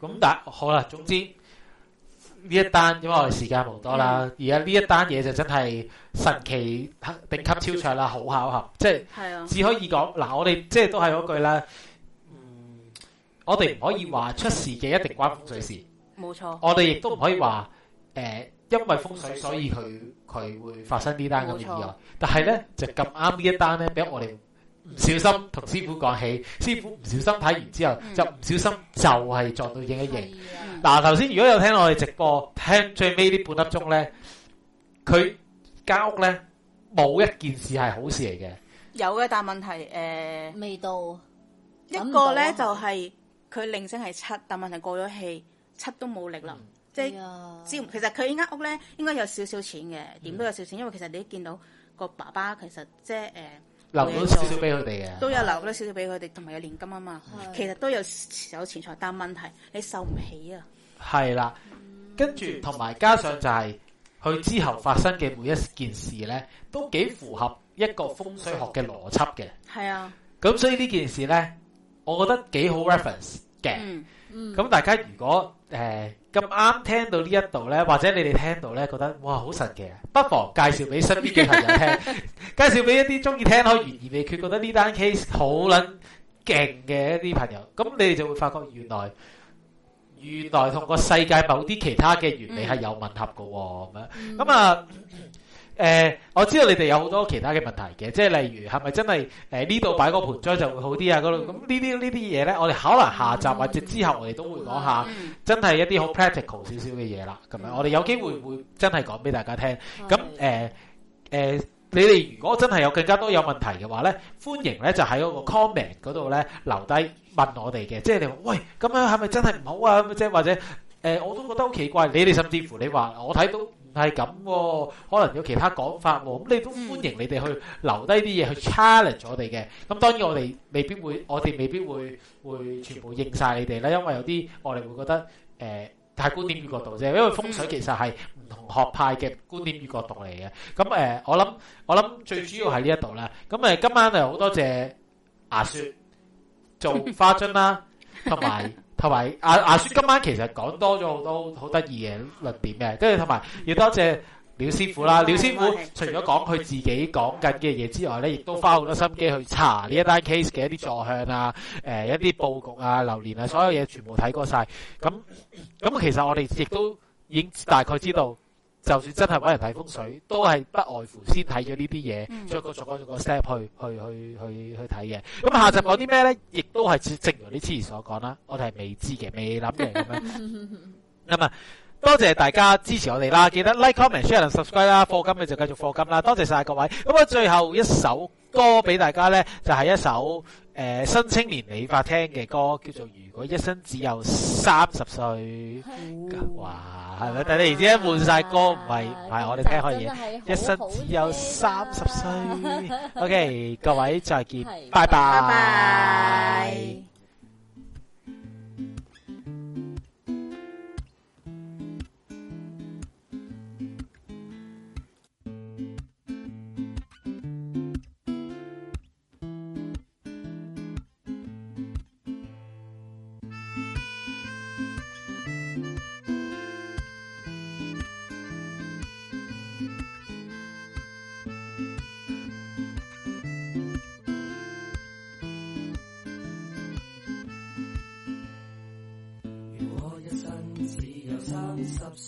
咁但係好啦，總之呢一單，因為我哋時間冇多啦。而家呢一單嘢就真係神奇，等級超長啦，好巧合，即係係啊，只可以講嗱，我哋即係都係嗰句啦。我哋唔可以話出事嘅一定關風水事，冇錯。我哋亦都唔可以話，誒、呃，因為風水所以佢佢會發生冇錯，呢單咁嘅嘢。但係咧就咁啱呢一單咧，俾我哋唔小心同師傅講起，師傅唔小心睇完之後、嗯、就唔小心就係撞到應一應。嗱、嗯，頭先如果有聽我哋直播，聽最尾啲半粒鐘咧，佢間屋咧冇一件事係好事嚟嘅。有嘅，但問問題誒，呃、未到一個咧就係、是。佢令星係七，但問題過咗氣，七都冇力啦。嗯、即係，哎、呀其實佢呢間屋咧，應該有少少錢嘅，麼點都有少少錢，嗯、因為其實你都見到個爸爸，其實即係誒留咗少少俾佢哋嘅，都有留咗少少俾佢哋，同埋、啊、有年金啊嘛。是其實都有有錢財，但問題你受唔起啊。係啦的，嗯、跟住同埋加上就係、是、佢之後發生嘅每一件事咧，都幾符合一個風水學嘅邏輯嘅。係啊，咁的所以呢件事咧，我覺得幾好 reference。嘅，咁、嗯嗯、大家如果誒咁啱聽到呢一度呢，或者你哋聽到呢，覺得哇好神奇、啊，不妨介紹俾身邊嘅朋友聽， 介紹俾一啲中意聽開懸疑未決，覺得呢單 case 好撚勁嘅一啲朋友，咁你哋就會發覺原來原來同個世界某啲其他嘅原理係有吻合㗎喎，咁樣，咁啊。誒、呃，我知道你哋有好多其他嘅問題嘅，即係例如係咪真係誒呢度擺個盆栽就會好啲啊？度咁呢啲呢啲嘢呢，我哋可能下集或者之後我哋都會講下，嗯、真係一啲好 practical 少少嘅嘢啦。咁樣、嗯、我哋有機會會真係講俾大家聽。咁誒誒，你哋如果真係有更加多有問題嘅話呢，歡迎呢就喺嗰個 comment 嗰度呢留低問我哋嘅，即係你話喂，咁樣係咪真係唔好啊？即係或者誒、呃，我都覺得好奇怪。你哋甚至乎你話我睇到。係咁，可能有其他講法，咁你都歡迎你哋去留低啲嘢去 challenge 我哋嘅。咁當然我哋未必會，我哋未必會會全部應曬你哋啦。因為有啲我哋會覺得，誒，係觀點與角度啫。因為風水其實係唔同學派嘅觀點與角度嚟嘅。咁誒，我諗我諗最主要係呢一度啦。咁誒，今晚又好多謝牙雪做花樽啦，同埋。同埋、啊、阿雪今晚其實講多咗好多好得意嘅論點嘅，跟住同埋要多謝廖師傅啦。廖師傅除咗講佢自己講緊嘅嘢之外咧，亦都花好多心機去查呢一單 case 嘅一啲坐向啊、呃、一啲佈局啊、流年啊，所有嘢全部睇過曬。咁咁其實我哋亦都已經大概知道。就算真係揾人睇風水，都係不外乎先睇咗呢啲嘢，再、嗯、個再個再個 step 去去去去去睇嘅。咁下集講啲咩咧？亦都係正如啲之前所講啦，我哋係未知嘅、未諗嘅咁樣咁啊！多謝大家支持我哋啦，記得 like、 comment、share、And subscribe 啦。課金嘅就繼續課金啦。多謝曬各位。咁啊，最後一首歌俾大家咧，就係、是、一首。誒、呃，新青年理髮廳嘅歌叫做《如果一生只有三十歲》哦、哇，係咪？但係而家換晒歌唔係、啊、我哋聽可以嘅。一生只有三十歲，OK，各位再見，拜拜、拜拜。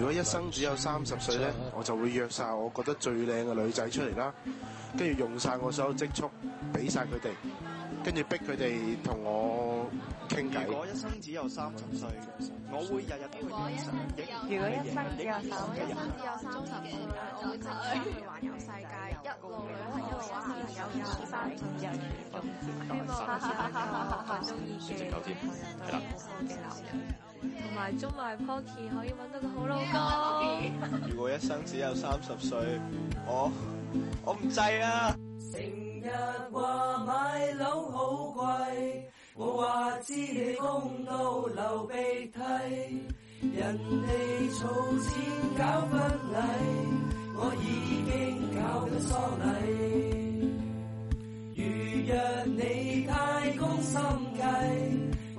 如果一生只有三十歲咧，我就會約晒我覺得最靚嘅女仔出嚟啦，跟住用晒我所有積蓄，俾晒佢哋，跟住逼佢哋同我傾偈。如果一生只有三十歲，我會日日都會同佢傾。如果一生只有三十歲，我會即去環遊世界，一路兩年，一路玩，三日咁，希望哈哈哈哈哈哈，一同埋中埋 p o 可以揾到個好老公。如果一生只有三十歲，我我唔制啊！成日話買樓好貴，我話知你供到流鼻涕。人哋儲錢搞婚禮，我已經搞得喪禮。如若你太公心計。